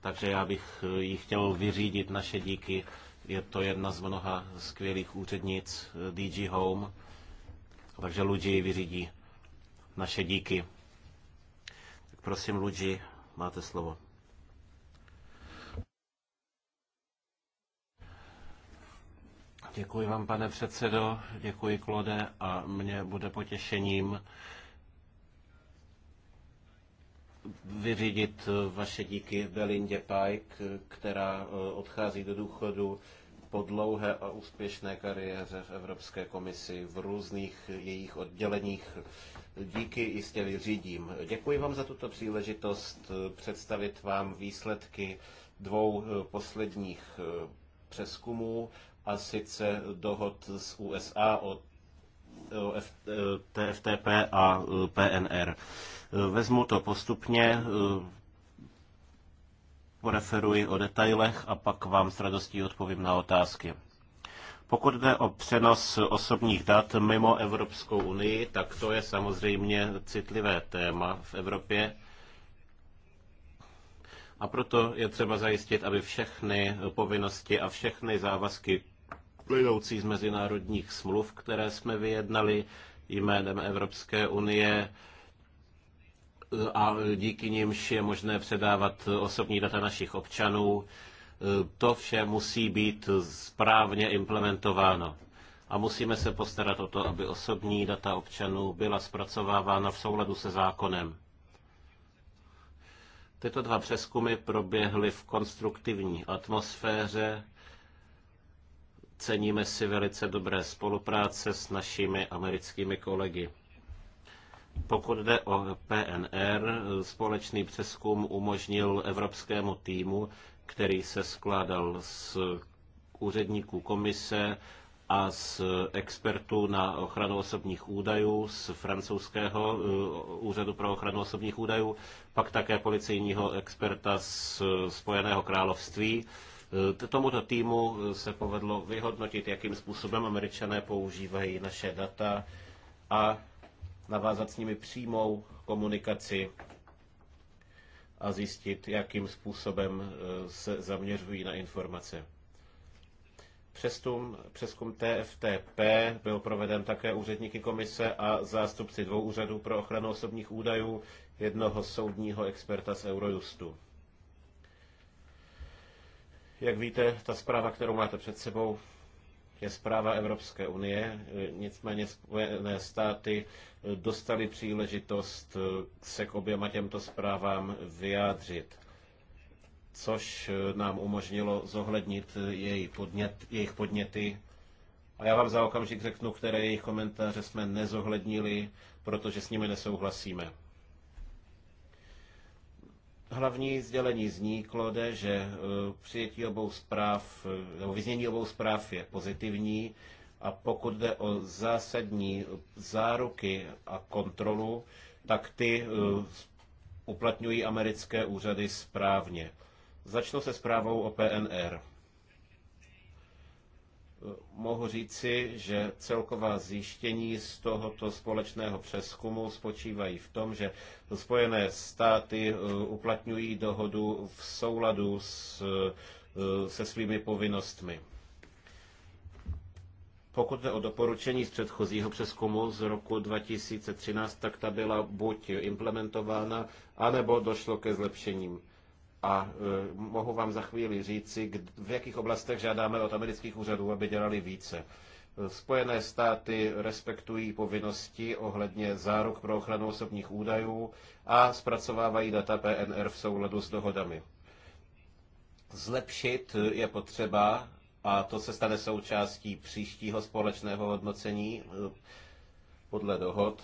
Takže já bych jí chtěl vyřídit naše díky. Je to jedna z mnoha skvělých úřednic DG Home. Takže Luigi vyřídí naše díky. Tak prosím, Luigi, máte slovo. Děkuji vám, pane předsedo, děkuji, Klode, a mě bude potěšením vyřídit vaše díky Belindě Pike, která eh, odchází do důchodu po dlouhé a úspěšné kariéře v Evropské komisi v různých jejich odděleních. Díky jistě vyřídím. Děkuji vám za tuto příležitost eh, představit vám výsledky dvou eh, posledních přeskumů a sice dohod z USA o e, TFTP a e, PNR. Vezmu to postupně, e, poreferuji o detailech a pak vám s radostí odpovím na otázky. Pokud jde o přenos osobních dat mimo Evropskou unii, tak to je samozřejmě citlivé téma v Evropě. A proto je třeba zajistit, aby všechny povinnosti a všechny závazky plynoucí z mezinárodních smluv, které jsme vyjednali jménem Evropské unie a díky nimž je možné předávat osobní data našich občanů. To vše musí být správně implementováno. A musíme se postarat o to, aby osobní data občanů byla zpracovávána v souladu se zákonem. Tyto dva přeskumy proběhly v konstruktivní atmosféře Ceníme si velice dobré spolupráce s našimi americkými kolegy. Pokud jde o PNR, společný přeskum umožnil evropskému týmu, který se skládal z úředníků komise a z expertů na ochranu osobních údajů z francouzského uh, úřadu pro ochranu osobních údajů, pak také policejního experta z Spojeného království Eh, tomuto týmu eh, se povedlo vyhodnotit, jakým způsobem američané používají naše data a navázat s nimi přímou komunikaci a zjistit, jakým způsobem eh, se zaměřují na informace. Přeskum, přeskum TFTP byl proveden také úředníky komise a zástupci dvou úřadů pro ochranu osobních údajů, jednoho soudního experta z Eurojustu. Jak víte, ta zpráva, kterou máte před sebou, je zpráva Evropské unie, nicméně Spojené státy dostali příležitost se k oběma těmto zprávám vyjádřit, což nám umožnilo zohlednit její podnět, jejich podněty. A já vám za okamžik řeknu, které jejich komentáře jsme nezohlednili, protože s nimi nesouhlasíme. Hlavní sdělení zní, Klode, že e, přijetí obou zpráv, e, nebo vyznění obou zpráv je pozitivní a pokud jde o zásadní záruky a kontrolu, tak ty e, uplatňují americké úřady správně. Začnu se zprávou o PNR mohu říci, že celková zjištění z tohoto společného přeskumu spočívají v tom, že Spojené státy e, uplatňují dohodu v souladu s, e, se svými povinnostmi. Pokud jde o doporučení z předchozího přeskumu z roku 2013, tak ta byla buď implementována, anebo došlo ke zlepšením a e, mohu vám za chvíli říci, v jakých oblastech žádáme od amerických úřadů, aby dělali více. E, Spojené státy respektují povinnosti ohledně záruk pro ochranu osobních údajů a zpracovávají data PNR v souladu s dohodami. Zlepšit je potřeba, a to se stane součástí příštího společného hodnocení e, podle dohod,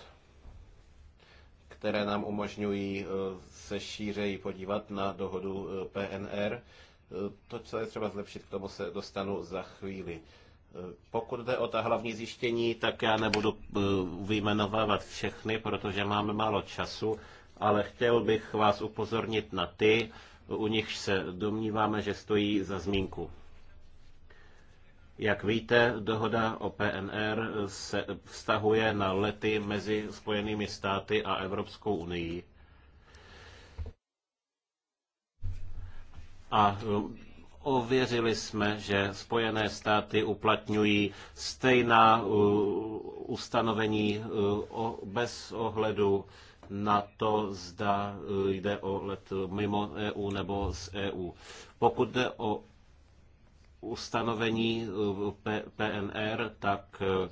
které nám umožňují eh, se šířeji podívat na dohodu eh, PNR. Eh, to, co je třeba zlepšit, k tomu se dostanu za chvíli. Pokud jde o ta hlavní zjištění, tak já nebudu vyjmenovávat všechny, protože máme málo času, ale chtěl bych vás upozornit na ty, u nichž se domníváme, že stojí za zmínku. Jak víte, dohoda o PNR se vztahuje na lety mezi Spojenými státy a Evropskou unii. A e, ověřili jsme, že Spojené státy uplatňují stejná e, ustanovení e, bez ohledu na to, zda jde o let mimo EU nebo z EU. Pokud jde o ustanovení eh, PNR, tak eh,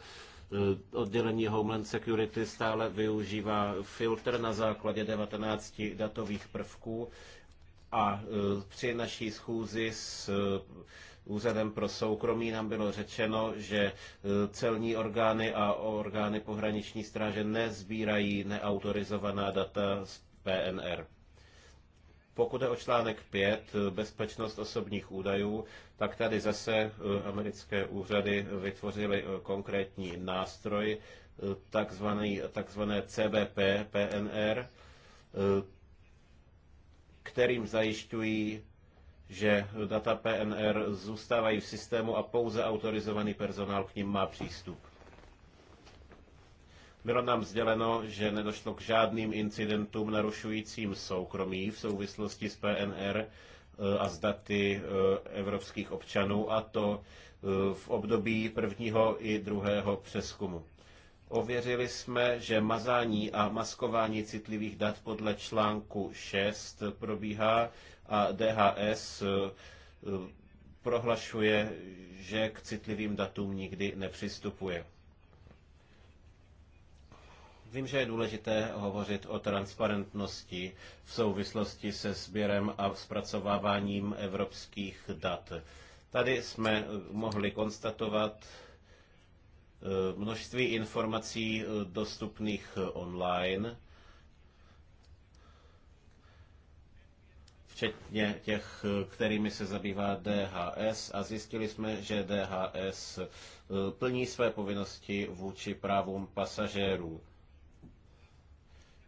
oddělení Homeland Security stále využívá filtr na základě 19 datových prvků a eh, při naší schůzi s Úřadem pro soukromí nám bylo řečeno, že celní orgány a orgány pohraniční stráže nezbírají neautorizovaná data z PNR. Pokud je o článek 5, eh, bezpečnost osobních údajů, tak tady zase eh, americké úřady vytvořily eh, konkrétní nástroj, takzvaný, takzvané CBP, PNR, kterým zajišťují, že data PNR zůstávají v systému a pouze autorizovaný personál k ním má přístup. Bylo nám sděleno, že nedošlo k žádným incidentům narušujícím soukromí v souvislosti s PNR eh, a s daty eh, evropských občanů, a to eh, v období prvního i druhého přeskumu. Ověřili jsme, že mazání a maskování citlivých dat podle článku 6 probíhá a DHS prohlašuje, že k citlivým datům nikdy nepřistupuje. Vím, že je důležité hovořit o transparentnosti v souvislosti se sběrem a zpracováváním evropských dat. Tady jsme eh, mohli konstatovat eh, množství informací eh, dostupných online, včetně těch, kterými se zabývá DHS a zjistili jsme, že DHS plní své povinnosti vůči právům pasažérů.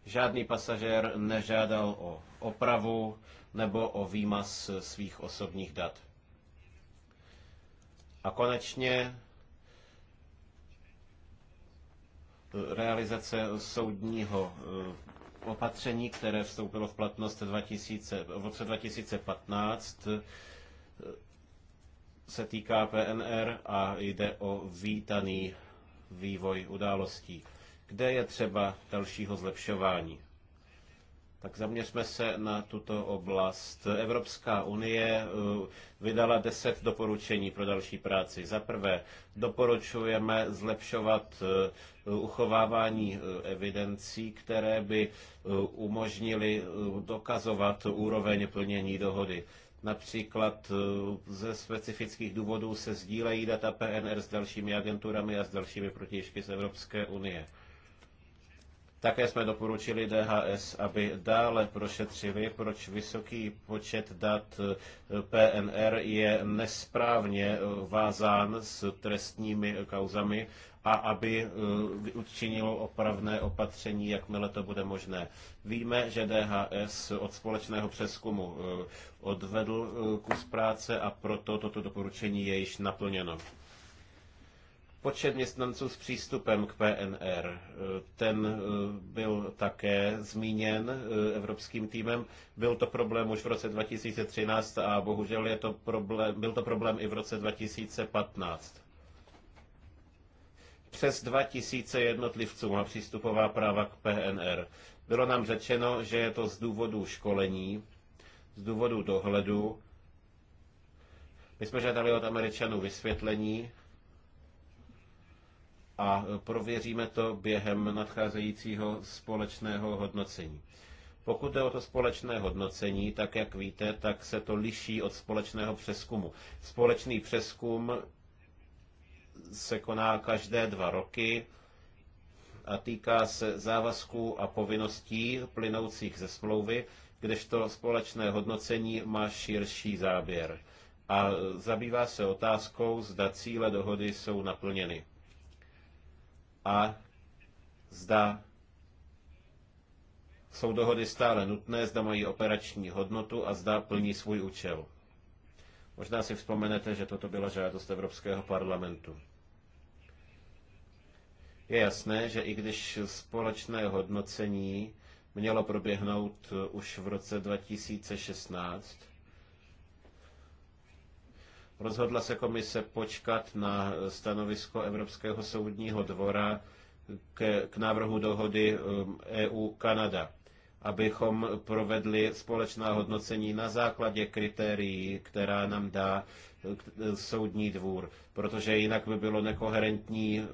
Žádný pasažér nežádal o opravu nebo o výmaz svých osobních dat. A konečně eh, realizace soudního eh, opatření, které vstoupilo v platnost 2000, v roce 2015, eh, se týká PNR a jde o vítaný vývoj událostí kde je třeba dalšího zlepšování. Tak zaměřme se na tuto oblast. Evropská unie eh, vydala deset doporučení pro další práci. Za prvé, doporučujeme zlepšovat eh, uchovávání eh, evidencí, které by umožnily dokazovat úroveň plnění dohody. Například ze specifických důvodů se sdílejí data PNR s dalšími agenturami a s dalšími protějšky z Evropské unie. Také jsme doporučili DHS, aby dále prošetřili, proč vysoký počet dat eh, PNR je nesprávně eh, vázán s trestními kauzami a aby eh, učinilo opravné opatření, jakmile to bude možné. Víme, že DHS od společného přeskumu odvedl kus práce a proto toto doporučení je již naplněno. Počet městnanců s přístupem k PNR, eh, ten eh, byl také zmíněn eh, evropským týmem. Byl to problém už v roce 2013 a bohužel je to problém, byl to problém i v roce 2015. Přes 2000 jednotlivců má přístupová práva k PNR. Bylo nám řečeno, že je to z důvodu školení, z důvodu dohledu. My jsme žádali od Američanů vysvětlení, a prověříme to během nadcházejícího společného hodnocení. Pokud jde o to společné hodnocení, tak jak víte, tak se to liší od společného přeskumu. Společný přeskum se koná každé dva roky a týká se závazků a povinností plynoucích ze smlouvy, kdežto společné hodnocení má širší záběr a zabývá se otázkou, zda cíle dohody jsou naplněny a zda jsou dohody stále nutné, zda mají operační hodnotu a zda plní svůj účel. Možná si vzpomenete, že toto byla žádost Evropského parlamentu. Je jasné, že i když společné hodnocení mělo proběhnout už v roce 2016, Rozhodla se komise počkat na stanovisko Evropského soudního dvora k, k návrhu dohody um, EU-Kanada, abychom provedli společná hodnocení na základě kritérií, která nám dá uh, uh, soudní dvůr, protože jinak by bylo nekoherentní uh,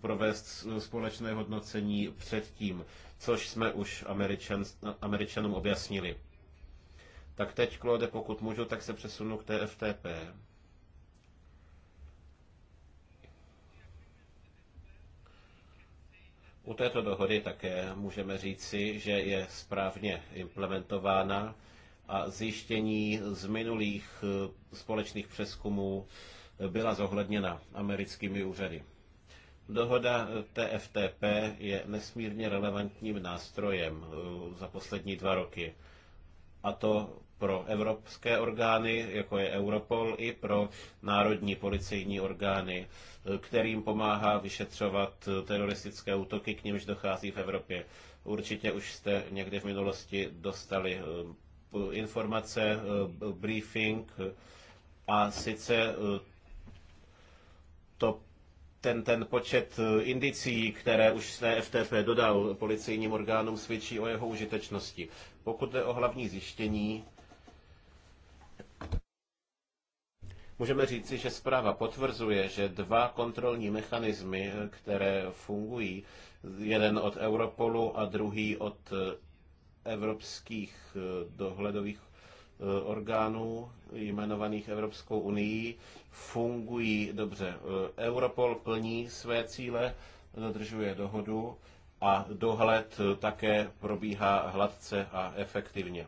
provést společné hodnocení předtím, což jsme už Američan, Američanům objasnili. Tak teď, Klode, pokud můžu, tak se přesunu k TFTP. U této dohody také můžeme říci, že je správně implementována a zjištění z minulých eh, společných přeskumů eh, byla zohledněna americkými úřady. Dohoda eh, TFTP je nesmírně relevantním nástrojem za poslední dva roky. A to pro evropské orgány, jako je Europol, i pro národní policejní orgány, kterým pomáhá vyšetřovat teroristické útoky, k nimž dochází v Evropě. Určitě už jste někdy v minulosti dostali eh, informace, eh, briefing a sice eh, to ten, ten počet indicí, které už z FTP dodal policejním orgánům, svědčí o jeho užitečnosti. Pokud jde o hlavní zjištění, Můžeme říci, že zpráva potvrzuje, že dva kontrolní mechanismy, které fungují, jeden od Europolu a druhý od eh, evropských eh, dohledových eh, orgánů jmenovaných Evropskou unii, fungují dobře. Europol plní své cíle, dodržuje dohodu a dohled také probíhá hladce a efektivně.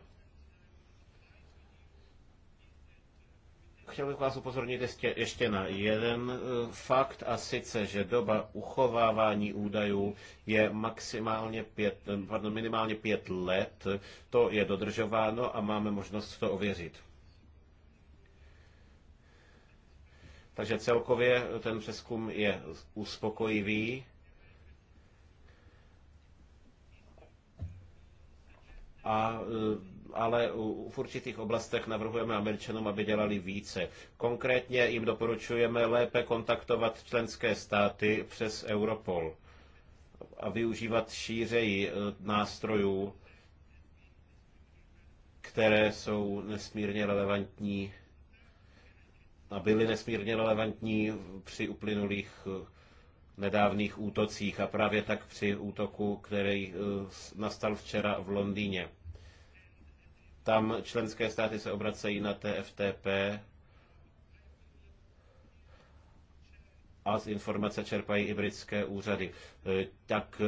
Chtěl bych vás upozornit ještě, ještě na jeden eh, fakt, a sice, že doba uchovávání údajů je maximálně pět, pardon, minimálně pět let. To je dodržováno a máme možnost to ověřit. Takže celkově ten přeskum je uspokojivý. A eh, ale v určitých oblastech navrhujeme Američanům, aby dělali více. Konkrétně jim doporučujeme lépe kontaktovat členské státy přes Europol a využívat šířeji e, nástrojů, které jsou nesmírně relevantní a byly nesmírně relevantní při uplynulých e, nedávných útocích a právě tak při útoku, který e, nastal včera v Londýně. Tam členské státy se obracejí na TFTP a z informace čerpají i britské úřady. E, tak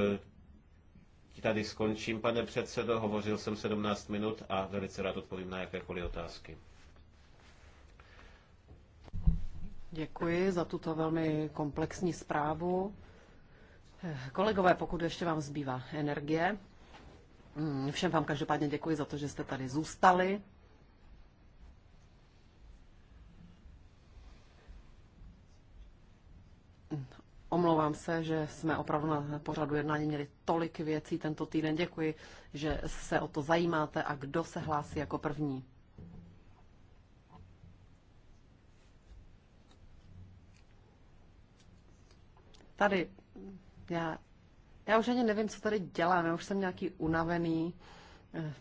e, tady skončím, pane předsedo. Hovořil jsem 17 minut a velice rád odpovím na jakékoliv otázky. Děkuji za tuto velmi komplexní zprávu. E, kolegové, pokud ještě vám zbývá energie, Mm, všem vám každopádně děkuji za to, že jste tady zůstali. Omlouvám se, že jsme opravdu na pořadu jednání měli tolik věcí tento týden. Děkuji, že se o to zajímáte a kdo se hlásí jako první. Tady já já už ani nevím, co tady dělám, já už jsem nějaký unavený. Eh,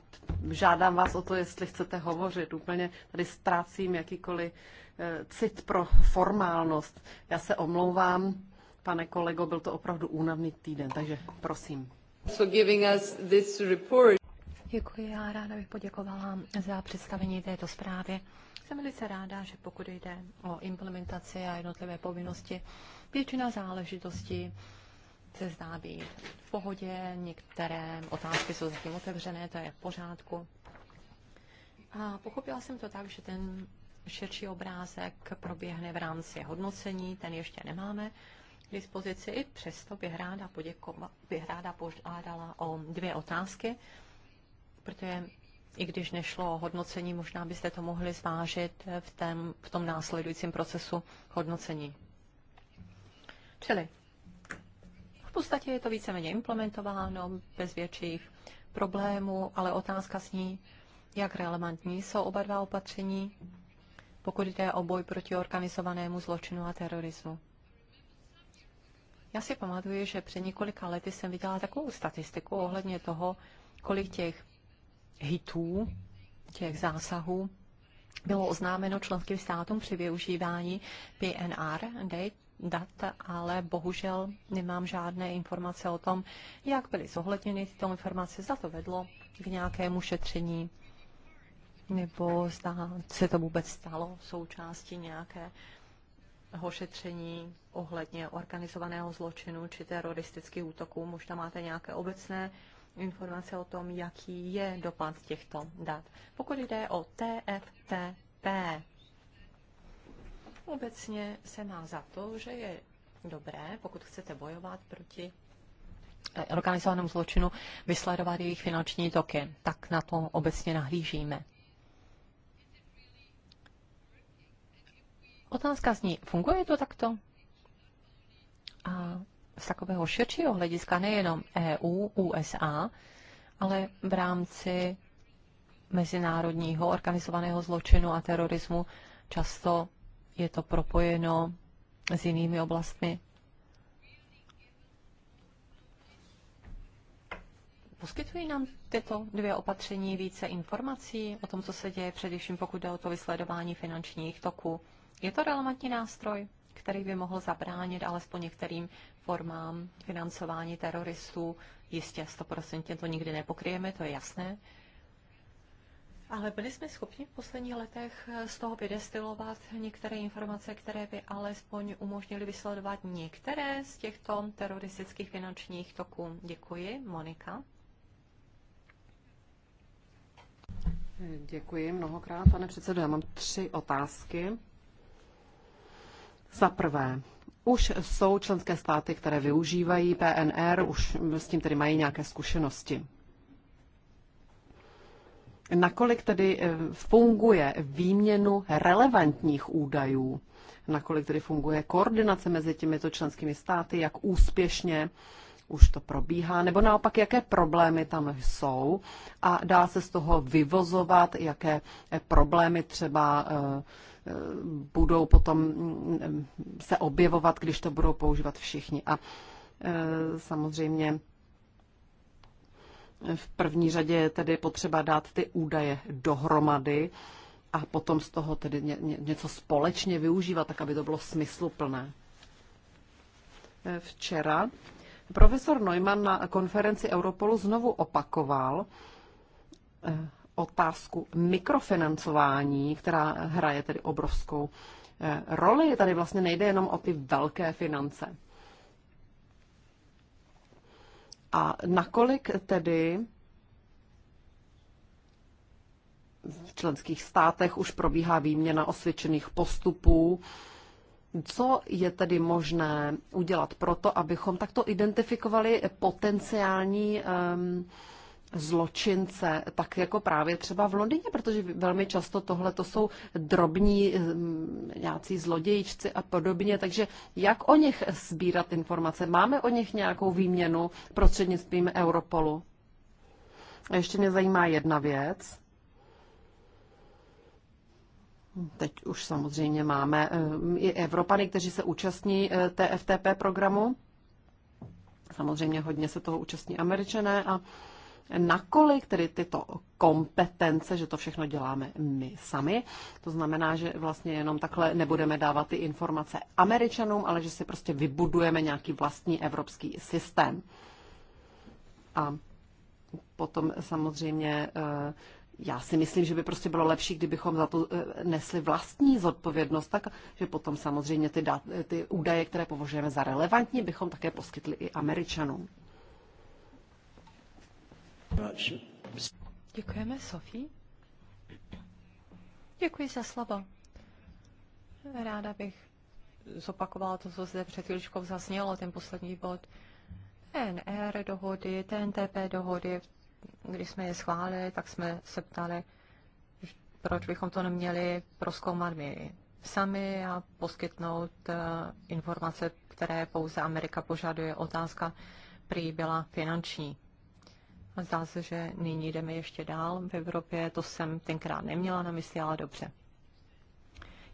žádám vás o to, jestli chcete hovořit. Úplně tady ztrácím jakýkoliv eh, cit pro formálnost. Já se omlouvám, pane kolego, byl to opravdu únavný týden, takže prosím. So giving us this report. Děkuji, já ráda bych poděkovala za představení této zprávy. Jsem velice ráda, že pokud jde o implementaci a jednotlivé povinnosti, většina záležitostí se zdá být v pohodě, některé otázky jsou zatím otevřené, to je v pořádku. A pochopila jsem to tak, že ten širší obrázek proběhne v rámci hodnocení, ten ještě nemáme k dispozici. I přesto bych ráda, poděkova, bych ráda požádala o dvě otázky, protože i když nešlo o hodnocení, možná byste to mohli zvážit v, tém, v tom následujícím procesu hodnocení. Čili v podstatě je to víceméně implementováno bez větších problémů, ale otázka zní, jak relevantní jsou oba dva opatření, pokud jde o boj proti organizovanému zločinu a terorismu. Já si pamatuju, že před několika lety jsem viděla takovou statistiku ohledně toho, kolik těch hitů, těch zásahů bylo oznámeno členským státům při využívání PNR, Date dat, ale bohužel nemám žádné informace o tom, jak byly zohledněny tyto informace, zda to vedlo k nějakému šetření, nebo zda se to vůbec stalo součástí nějaké šetření ohledně organizovaného zločinu či teroristických útoků. Možná máte nějaké obecné informace o tom, jaký je dopad těchto dat. Pokud jde o TFTP, Obecně se má za to, že je dobré, pokud chcete bojovat proti eh, organizovanému zločinu, vysledovat jejich finanční toky. Tak na to obecně nahlížíme. Otázka zní, funguje to takto? A z takového širšího hlediska nejenom EU, USA, ale v rámci mezinárodního organizovaného zločinu a terorismu často je to propojeno s jinými oblastmi. Poskytují nám tyto dvě opatření více informací o tom, co se děje, především pokud jde o to vysledování finančních toků. Je to relevantní nástroj, který by mohl zabránit alespoň některým formám financování teroristů. Jistě, 100% to nikdy nepokryjeme, to je jasné. Ale byli jsme schopni v posledních letech eh, z toho vydestilovat některé informace, které by alespoň umožnily vysledovat některé z těchto teroristických finančních toků. Děkuji. Monika. Děkuji mnohokrát, pane předsedo. Já mám tři otázky. Za prvé, už jsou členské státy, které využívají PNR, už s tím tedy mají nějaké zkušenosti nakolik tedy eh, funguje výměnu relevantních údajů, nakolik tedy funguje koordinace mezi těmito členskými státy, jak úspěšně už to probíhá, nebo naopak, jaké problémy tam jsou a dá se z toho vyvozovat, jaké eh, problémy třeba eh, budou potom mm, mm, se objevovat, když to budou používat všichni. A samozřejmě v první řadě je tedy potřeba dát ty údaje dohromady a potom z toho tedy ně, ně, něco společně využívat, tak aby to bylo smysluplné. Eh, včera profesor Neumann na konferenci Europolu znovu opakoval eh, otázku mikrofinancování, která hraje tedy obrovskou eh, roli. Tady vlastně nejde jenom o ty velké finance. A nakolik tedy v členských státech už probíhá výměna osvědčených postupů, co je tedy možné udělat proto, abychom takto identifikovali potenciální um, zločince, tak jako právě třeba v Londýně, protože velmi často tohle to jsou drobní hm, nějací zlodějčci a podobně, takže jak o nich sbírat informace? Máme o nich nějakou výměnu prostřednictvím Europolu? A ještě mě zajímá jedna věc. Teď už samozřejmě máme hm, i Evropany, kteří se účastní eh, TFTP programu. Samozřejmě hodně se toho účastní Američané a nakolik tedy tyto kompetence, že to všechno děláme my sami. To znamená, že vlastně jenom takhle nebudeme dávat ty informace američanům, ale že si prostě vybudujeme nějaký vlastní evropský systém. A potom samozřejmě eh, já si myslím, že by prostě bylo lepší, kdybychom za to eh, nesli vlastní zodpovědnost, tak že potom samozřejmě ty, dat, eh, ty údaje, které považujeme za relevantní, bychom také poskytli i Američanům. Děkujeme, Sofie. Děkuji za slovo. Ráda bych zopakovala to, co zde před chvíličkou zaznělo, ten poslední bod. NR dohody, TNTP dohody, když jsme je schválili, tak jsme se ptali, proč bychom to neměli proskoumat my sami a poskytnout eh, informace, které pouze Amerika požaduje. Otázka prý byla finanční Zdá se, že nyní jdeme ještě dál v Evropě. To jsem tenkrát neměla na mysli, ale dobře.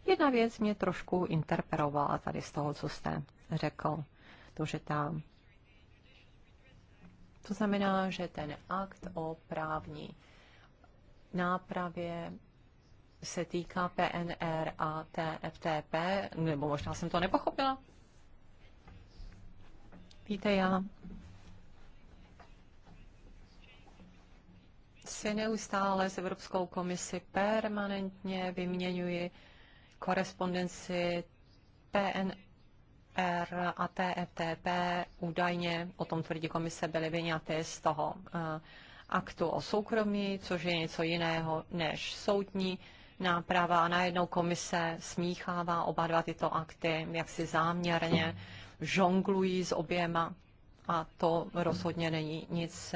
Jedna věc mě trošku interperovala tady z toho, co jste řekl. To, že ta to znamená, že ten akt o právní nápravě se týká PNR a TFTP, nebo možná jsem to nepochopila. Víte, já si neustále s Evropskou komisi permanentně vyměňuji korespondenci PNR a TFTP. Údajně, o tom tvrdí komise, byly vyňaty z toho eh, aktu o soukromí, což je něco jiného než soudní náprava. A najednou komise smíchává oba dva tyto akty, jak si záměrně žonglují s oběma a to rozhodně není nic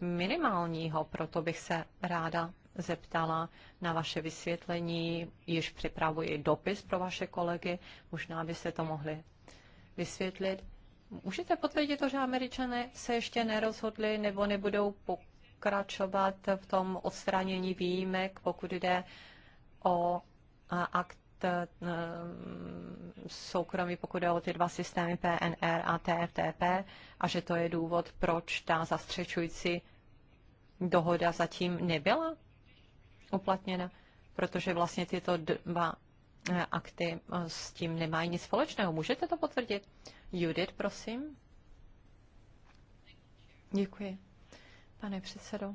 minimálního, proto bych se ráda zeptala na vaše vysvětlení, již připravuji dopis pro vaše kolegy, možná byste to mohli vysvětlit. Můžete potvrdit to, že američané se ještě nerozhodli nebo nebudou pokračovat v tom odstranění výjimek, pokud jde o akt Eh, soukromí, pokud jde o ty dva systémy PNR a TFTP a že to je důvod, proč ta zastřečující dohoda zatím nebyla uplatněna, protože vlastně tyto dva eh, akty eh, s tím nemají nic společného. Můžete to potvrdit? Judith, prosím. Děkuji. Pane předsedo.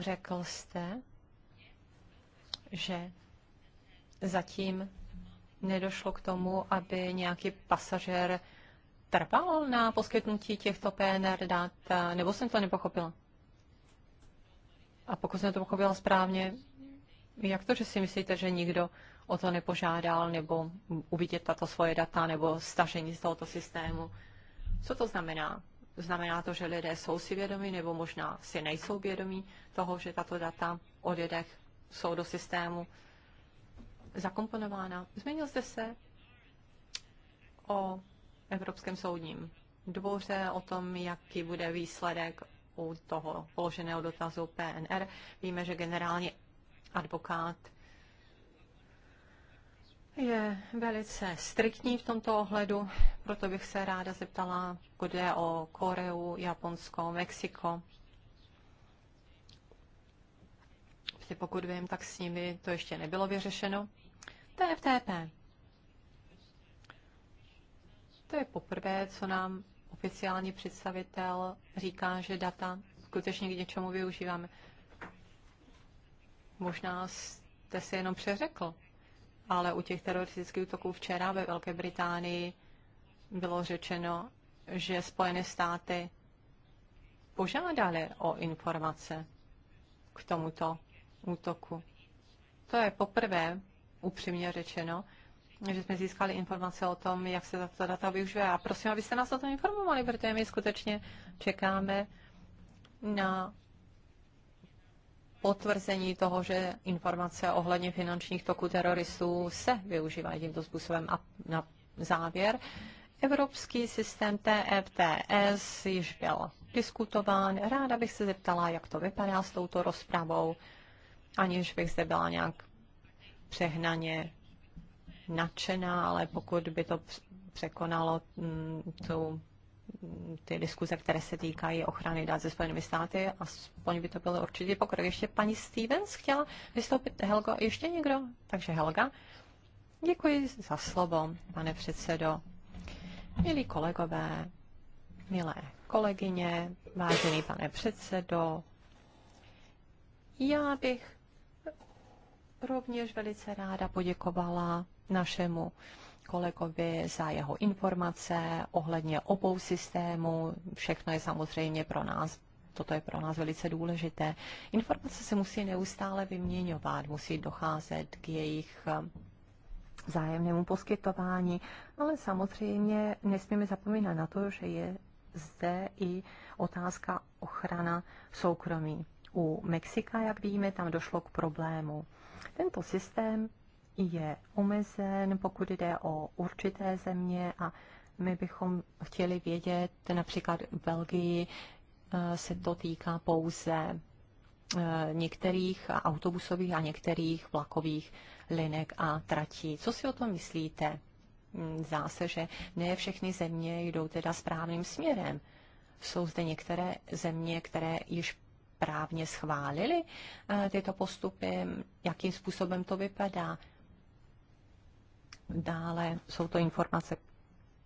Řekl jste, že zatím nedošlo k tomu, aby nějaký pasažér trval na poskytnutí těchto PNR dat, nebo jsem to nepochopila? A pokud jsem to pochopila správně, jak to, že si myslíte, že nikdo o to nepožádal, nebo uvidět tato svoje data, nebo stažení z tohoto systému? Co to znamená? Znamená to, že lidé jsou si vědomí, nebo možná si nejsou vědomí toho, že tato data o lidech jsou do systému zakomponována. Zmínil jste se o Evropském soudním dvoře, o tom, jaký bude výsledek u toho položeného dotazu PNR. Víme, že generální advokát je velice striktní v tomto ohledu, proto bych se ráda zeptala, kde je o Koreu, Japonsko, Mexiko. Protože pokud vím, tak s nimi to ještě nebylo vyřešeno. TFTP. To je poprvé, co nám oficiální představitel říká, že data skutečně k něčemu využíváme. Možná jste si jenom přeřekl ale u těch teroristických útoků včera ve Velké Británii bylo řečeno, že Spojené státy požádali o informace k tomuto útoku. To je poprvé, upřímně řečeno, že jsme získali informace o tom, jak se tato data využívá. A prosím, abyste nás o tom informovali, protože my skutečně čekáme na potvrzení toho, že informace ohledně finančních toků teroristů se využívají tímto způsobem. A na závěr, evropský systém TFTS již byl diskutován. Ráda bych se zeptala, jak to vypadá s touto rozpravou, aniž bych zde byla nějak přehnaně nadšená, ale pokud by to překonalo mm, tu ty diskuze, které se týkají ochrany dát ze Spojenými státy, aspoň by to bylo určitě pokrok. Ještě paní Stevens chtěla vystoupit. Helgo, ještě někdo? Takže Helga. Děkuji za slovo, pane předsedo. Milí kolegové, milé kolegyně, vážený pane předsedo, já bych rovněž velice ráda poděkovala našemu kolegovi za jeho informace ohledně obou systémů. Všechno je samozřejmě pro nás toto je pro nás velice důležité. Informace se musí neustále vyměňovat, musí docházet k jejich eh, zájemnému poskytování, ale samozřejmě nesmíme zapomínat na to, že je zde i otázka ochrana soukromí. U Mexika, jak víme, tam došlo k problému. Tento systém je omezen, pokud jde o určité země a my bychom chtěli vědět, například v Belgii eh, se to týká pouze eh, některých autobusových a některých vlakových linek a tratí. Co si o tom myslíte? Hmm, zdá se, že ne všechny země jdou teda správným směrem. Jsou zde některé země, které již právně schválili eh, tyto postupy, jakým způsobem to vypadá. Dále jsou to informace,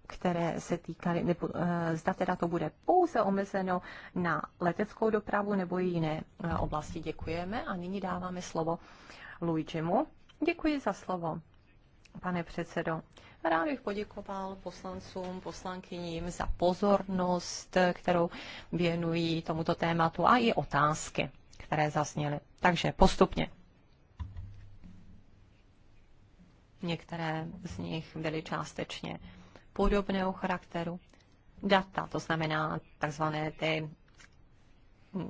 které se týkaly, nebo eh, zda teda to bude pouze omezeno na leteckou dopravu nebo jiné eh, oblasti. Děkujeme a nyní dáváme slovo Luigimu. Děkuji za slovo, pane předsedo. Rád bych poděkoval poslancům, poslankyním za pozornost, kterou věnují tomuto tématu a i otázky, které zasněly. Takže postupně Některé z nich byly částečně podobného charakteru. Data, to znamená takzvané ty,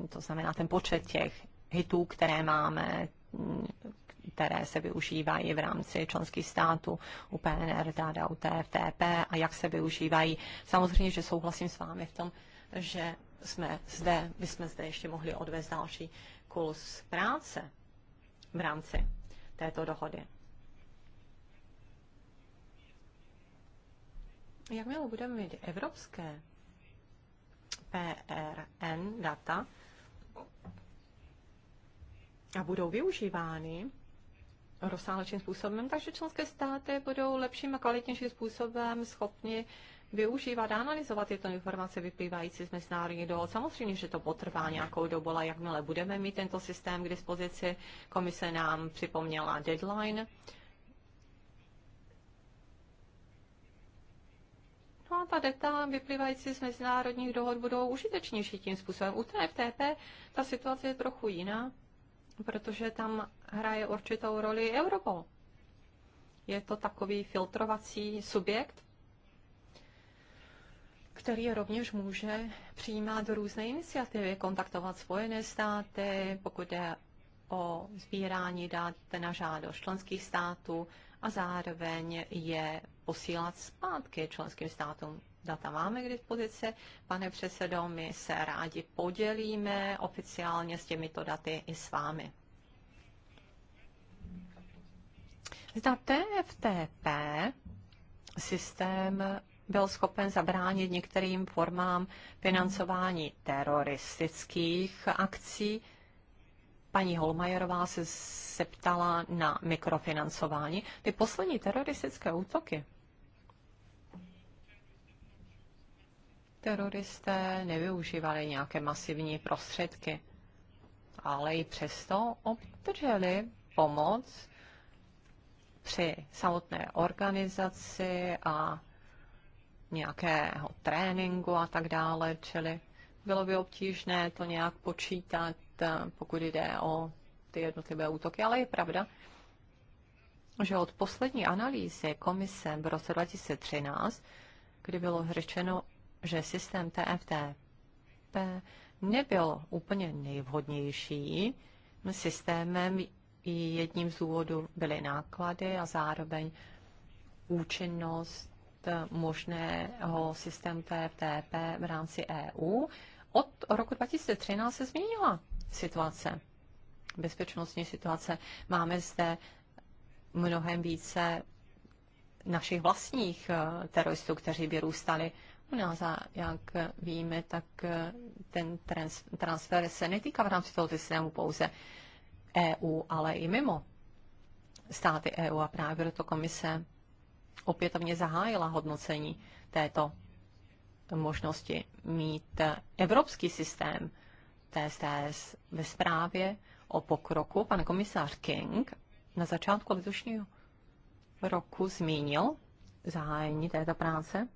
to znamená ten počet těch hitů, které máme, které se využívají v rámci členských států u PNR, DADA, u TFTP a jak se využívají. Samozřejmě, že souhlasím s vámi v tom, že jsme zde, my jsme zde ještě mohli odvést další kurz práce v rámci této dohody. Jakmile budeme mít evropské PRN data a budou využívány rozsáhlejším způsobem, takže členské státy budou lepším a kvalitnějším způsobem schopni využívat a analyzovat tyto informace vyplývající z mezinárodních dohod. Samozřejmě, že to potrvá nějakou dobu, ale jakmile budeme mít tento systém k dispozici, komise nám připomněla deadline No a ta data vyplývající z mezinárodních dohod budou užitečnější tím způsobem. U té FTP ta situace je trochu jiná, protože tam hraje určitou roli Europol. Je to takový filtrovací subjekt, který rovněž může přijímat různé iniciativy, kontaktovat Spojené státy, pokud je o sbírání dat na žádost členských států a zároveň je posílat zpátky členským státům. Data máme k dispozici. Pane předsedo, my se rádi podělíme oficiálně s těmito daty i s vámi. Zda TFTP systém byl schopen zabránit některým formám financování teroristických akcí, Paní Holmajerová se zeptala na mikrofinancování. Ty poslední teroristické útoky teroristé nevyužívali nějaké masivní prostředky, ale i přesto obdrželi pomoc při samotné organizaci a nějakého tréninku a tak dále, čili bylo by obtížné to nějak počítat Eh, pokud jde o ty jednotlivé útoky, ale je pravda, že od poslední analýzy komise v roce 2013, kdy bylo řečeno, že systém TFTP nebyl úplně nejvhodnější, systémem jedním z důvodů byly náklady a zároveň účinnost možného systému TFTP v rámci EU. Od roku 2013 se změnila situace, bezpečnostní situace. Máme zde mnohem více našich vlastních eh, teroristů, kteří růstali u nás a jak víme, tak eh, ten trans- transfer se netýká v rámci toho systému pouze EU, ale i mimo státy EU a právě proto komise opětovně zahájila hodnocení této možnosti mít evropský systém TSTS ve zprávě o pokroku pan komisář King na začátku letošního roku zmínil zahájení této práce.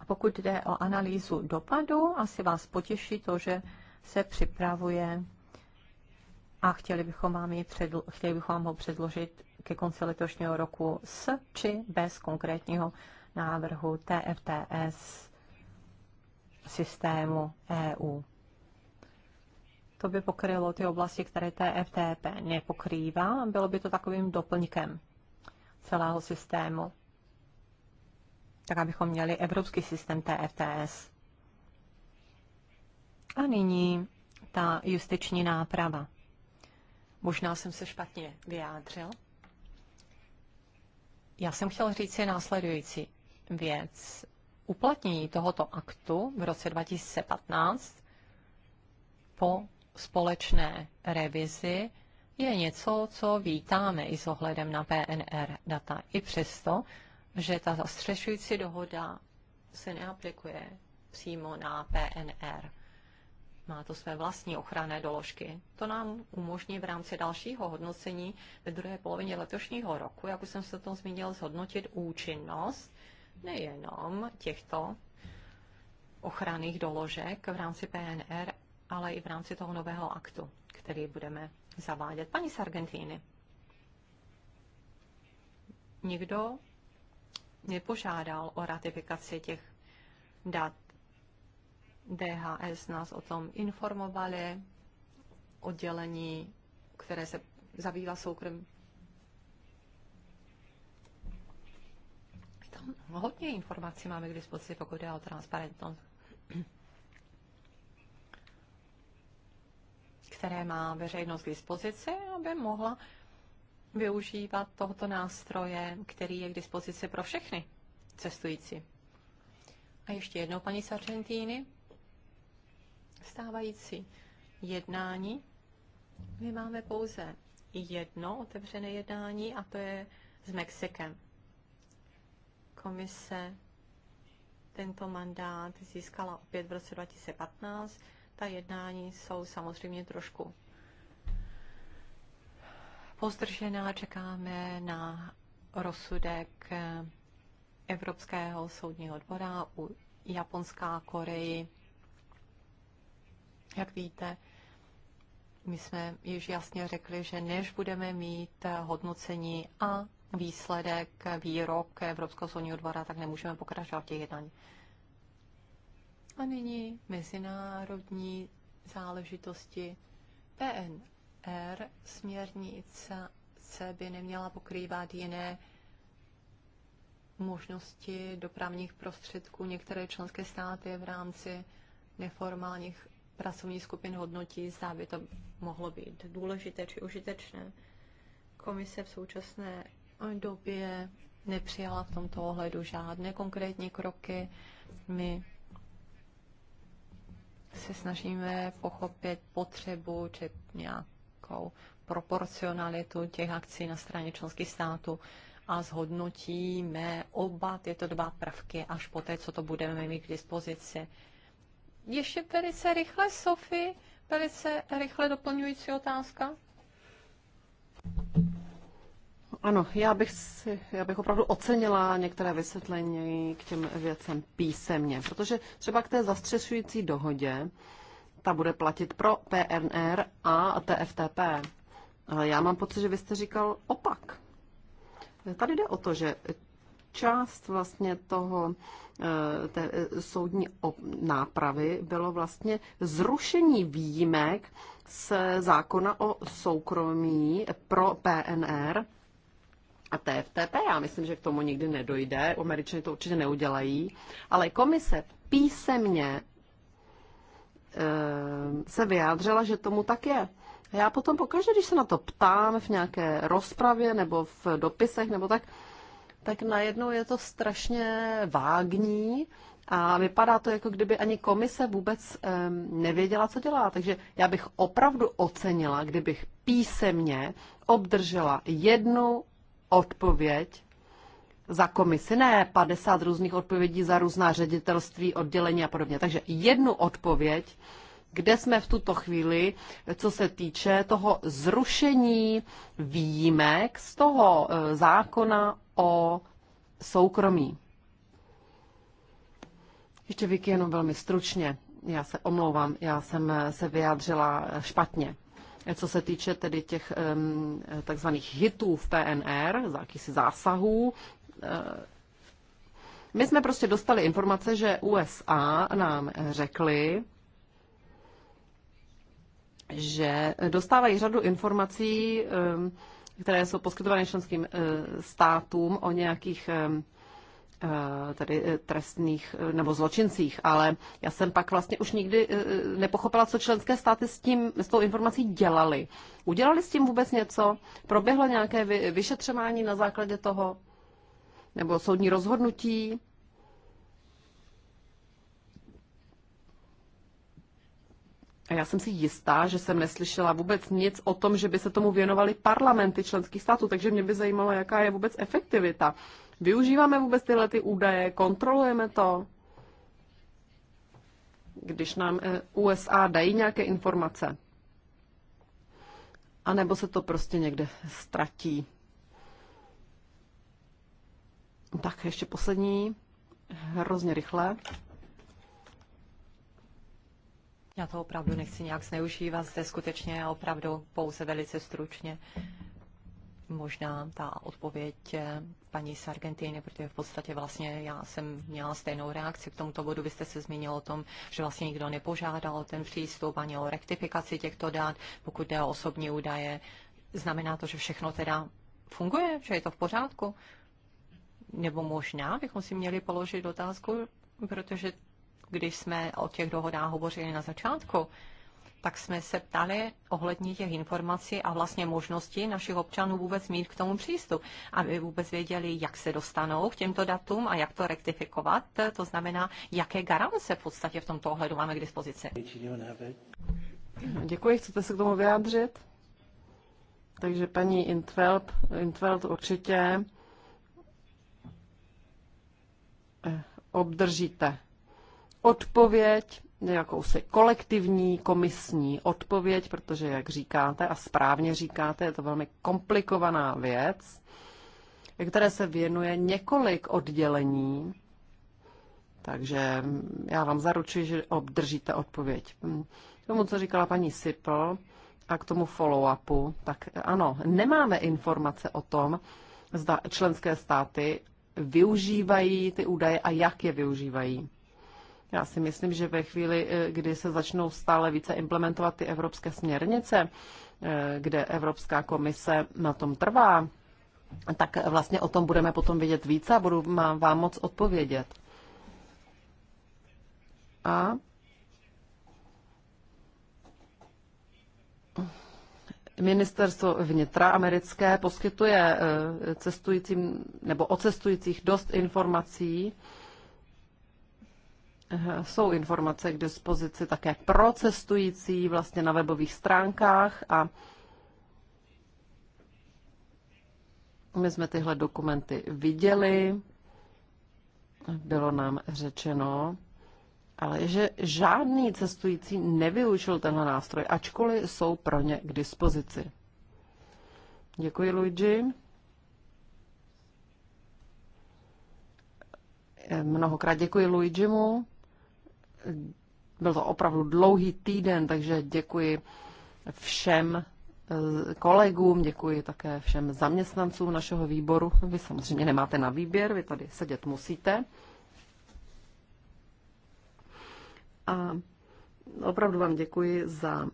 A pokud jde o analýzu dopadu, asi vás potěší to, že se připravuje a chtěli bychom vám, ji předl- chtěli bychom vám ho předložit ke konci letošního roku s či bez konkrétního návrhu TFTS systému EU to by pokrylo ty oblasti, které FTP nepokrývá. Bylo by to takovým doplňkem celého systému. Tak, abychom měli evropský systém TFTS. A nyní ta justiční náprava. Možná jsem se špatně vyjádřil. Já jsem chtěl říct si následující věc. Uplatnění tohoto aktu v roce 2015 po společné revizi je něco, co vítáme i s ohledem na PNR data. I přesto, že ta zastřešující dohoda se neaplikuje přímo na PNR. Má to své vlastní ochranné doložky. To nám umožní v rámci dalšího hodnocení ve druhé polovině letošního roku, jak už jsem se o tom zmínil, zhodnotit účinnost nejenom těchto ochranných doložek v rámci PNR, ale i v rámci toho nového aktu, který budeme zavádět. Paní z Argentíny, nikdo nepožádal o ratifikaci těch dat. DHS nás o tom informovali, oddělení, které se zabývá soukromým hodně informací máme k dispozici, pokud je o transparentnost. které má veřejnost k dispozici, aby mohla využívat tohoto nástroje, který je k dispozici pro všechny cestující. A ještě jednou, paní Sargentini, stávající jednání. My máme pouze jedno otevřené jednání a to je s Mexikem. Komise tento mandát získala opět v roce 2015 ta jednání jsou samozřejmě trošku pozdržená. Čekáme na rozsudek Evropského soudního dvora u Japonská Koreji. Jak víte, my jsme již jasně řekli, že než budeme mít hodnocení a výsledek, výrok Evropského soudního dvora, tak nemůžeme pokračovat v těch jednání. A nyní mezinárodní záležitosti. PNR směrnice se by neměla pokrývat jiné možnosti dopravních prostředků. Některé členské státy v rámci neformálních pracovních skupin hodnotí, zda by to mohlo být důležité či užitečné. Komise v současné době nepřijala v tomto ohledu žádné konkrétní kroky. My se snažíme pochopit potřebu či nějakou proporcionalitu těch akcí na straně členských států a zhodnotíme oba tyto dva prvky až po té, co to budeme mít k dispozici. Ještě velice rychle, Sofie, velice rychle doplňující otázka. Ano, já bych, si, já bych opravdu ocenila některé vysvětlení k těm věcem písemně, protože třeba k té zastřešující dohodě, ta bude platit pro PNR a TFTP. Ale já mám pocit, že vy jste říkal opak. Tady jde o to, že část vlastně toho eh, té eh, soudní nápravy bylo vlastně zrušení výjimek z zákona o soukromí pro PNR a TFTP. Já myslím, že k tomu nikdy nedojde, američané to určitě neudělají, ale komise písemně ehm, se vyjádřila, že tomu tak je. A já potom pokaždé, když se na to ptám v nějaké rozpravě nebo v dopisech nebo tak, tak najednou je to strašně vágní a vypadá to, jako kdyby ani komise vůbec um, nevěděla, co dělá. Takže já bych opravdu ocenila, kdybych písemně obdržela jednu odpověď za komisi, ne 50 různých odpovědí za různá ředitelství, oddělení a podobně. Takže jednu odpověď, kde jsme v tuto chvíli, co se týče toho zrušení výjimek z toho e, zákona o soukromí. Ještě Vicky jenom velmi stručně. Já se omlouvám, já jsem se vyjádřila špatně co se týče tedy těch takzvaných hitů v PNR, jakýsi zásahů, eh, my jsme prostě dostali informace, že USA nám řekli, že dostávají řadu informací, které jsou poskytovány členským eh, státům o nějakých Eh, tady eh, trestných eh, nebo zločincích, ale já jsem pak vlastně už nikdy nepochopila, co členské státy s, tím, s tou informací dělali. Udělali s tím vůbec něco? Proběhlo nějaké vyšetřování na základě toho? Nebo soudní rozhodnutí? A já jsem si jistá, že jsem neslyšela vůbec nic o tom, že by se tomu věnovali parlamenty členských států, takže mě by zajímalo, jaká je vůbec efektivita Využíváme vůbec tyhle ty údaje? Kontrolujeme to? Když nám eh, USA dají nějaké informace? A nebo se to prostě někde ztratí? Tak ještě poslední, hrozně rychle. Já to opravdu nechci nějak zneužívat, zde skutečně opravdu pouze velice stručně možná ta odpověď eh, paní z Argentiny, protože v podstatě vlastně já jsem měla stejnou reakci k tomuto bodu. Vy jste se zmínil o tom, že vlastně nikdo nepožádal o ten přístup ani o rektifikaci těchto dát, pokud jde o osobní údaje. Znamená to, že všechno teda funguje, že je to v pořádku? Nebo možná bychom si měli položit otázku, protože když jsme o těch dohodách hovořili na začátku, tak jsme se ptali ohledně těch informací a vlastně možnosti našich občanů vůbec mít k tomu přístup, aby vůbec věděli, jak se dostanou k těmto datům a jak to rektifikovat. To znamená, jaké garance v podstatě v tomto ohledu máme k dispozici. Děkuji, chcete se k tomu vyjádřit? Takže paní Intveld, Intveld určitě eh, obdržíte odpověď jakousi kolektivní komisní odpověď, protože, jak říkáte a správně říkáte, je to velmi komplikovaná věc, které se věnuje několik oddělení, takže já vám zaručuji, že obdržíte odpověď. K tomu, co říkala paní Sipl a k tomu follow-upu, tak ano, nemáme informace o tom, zda členské státy využívají ty údaje a jak je využívají. Já si myslím, že ve chvíli, eh, kdy se začnou stále více implementovat ty evropské směrnice, eh, kde Evropská komise na tom trvá, tak vlastně o tom budeme potom vědět více a budu vám moc odpovědět. A Ministerstvo vnitra americké poskytuje eh, cestujícím nebo o cestujících dost informací, Eh, jsou informace k dispozici také pro cestující vlastně na webových stránkách a my jsme tyhle dokumenty viděli, bylo nám řečeno, ale že žádný cestující nevyužil tenhle nástroj, ačkoliv jsou pro ně k dispozici. Děkuji, Luigi. Eh, mnohokrát děkuji Luigimu. Byl to opravdu dlouhý týden, takže děkuji všem eh, kolegům, děkuji také všem zaměstnancům našeho výboru. Vy samozřejmě nemáte na výběr, vy tady sedět musíte. A opravdu vám děkuji za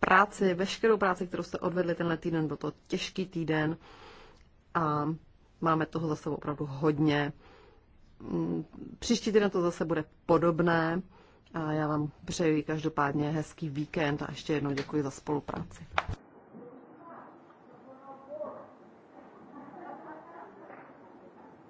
práci, veškerou práci, kterou jste odvedli tenhle týden. Byl to těžký týden a máme toho za sebou opravdu hodně. Mm, příští týden to zase bude podobné. A já vám přeji každopádně hezký víkend a ještě jednou děkuji za spolupráci.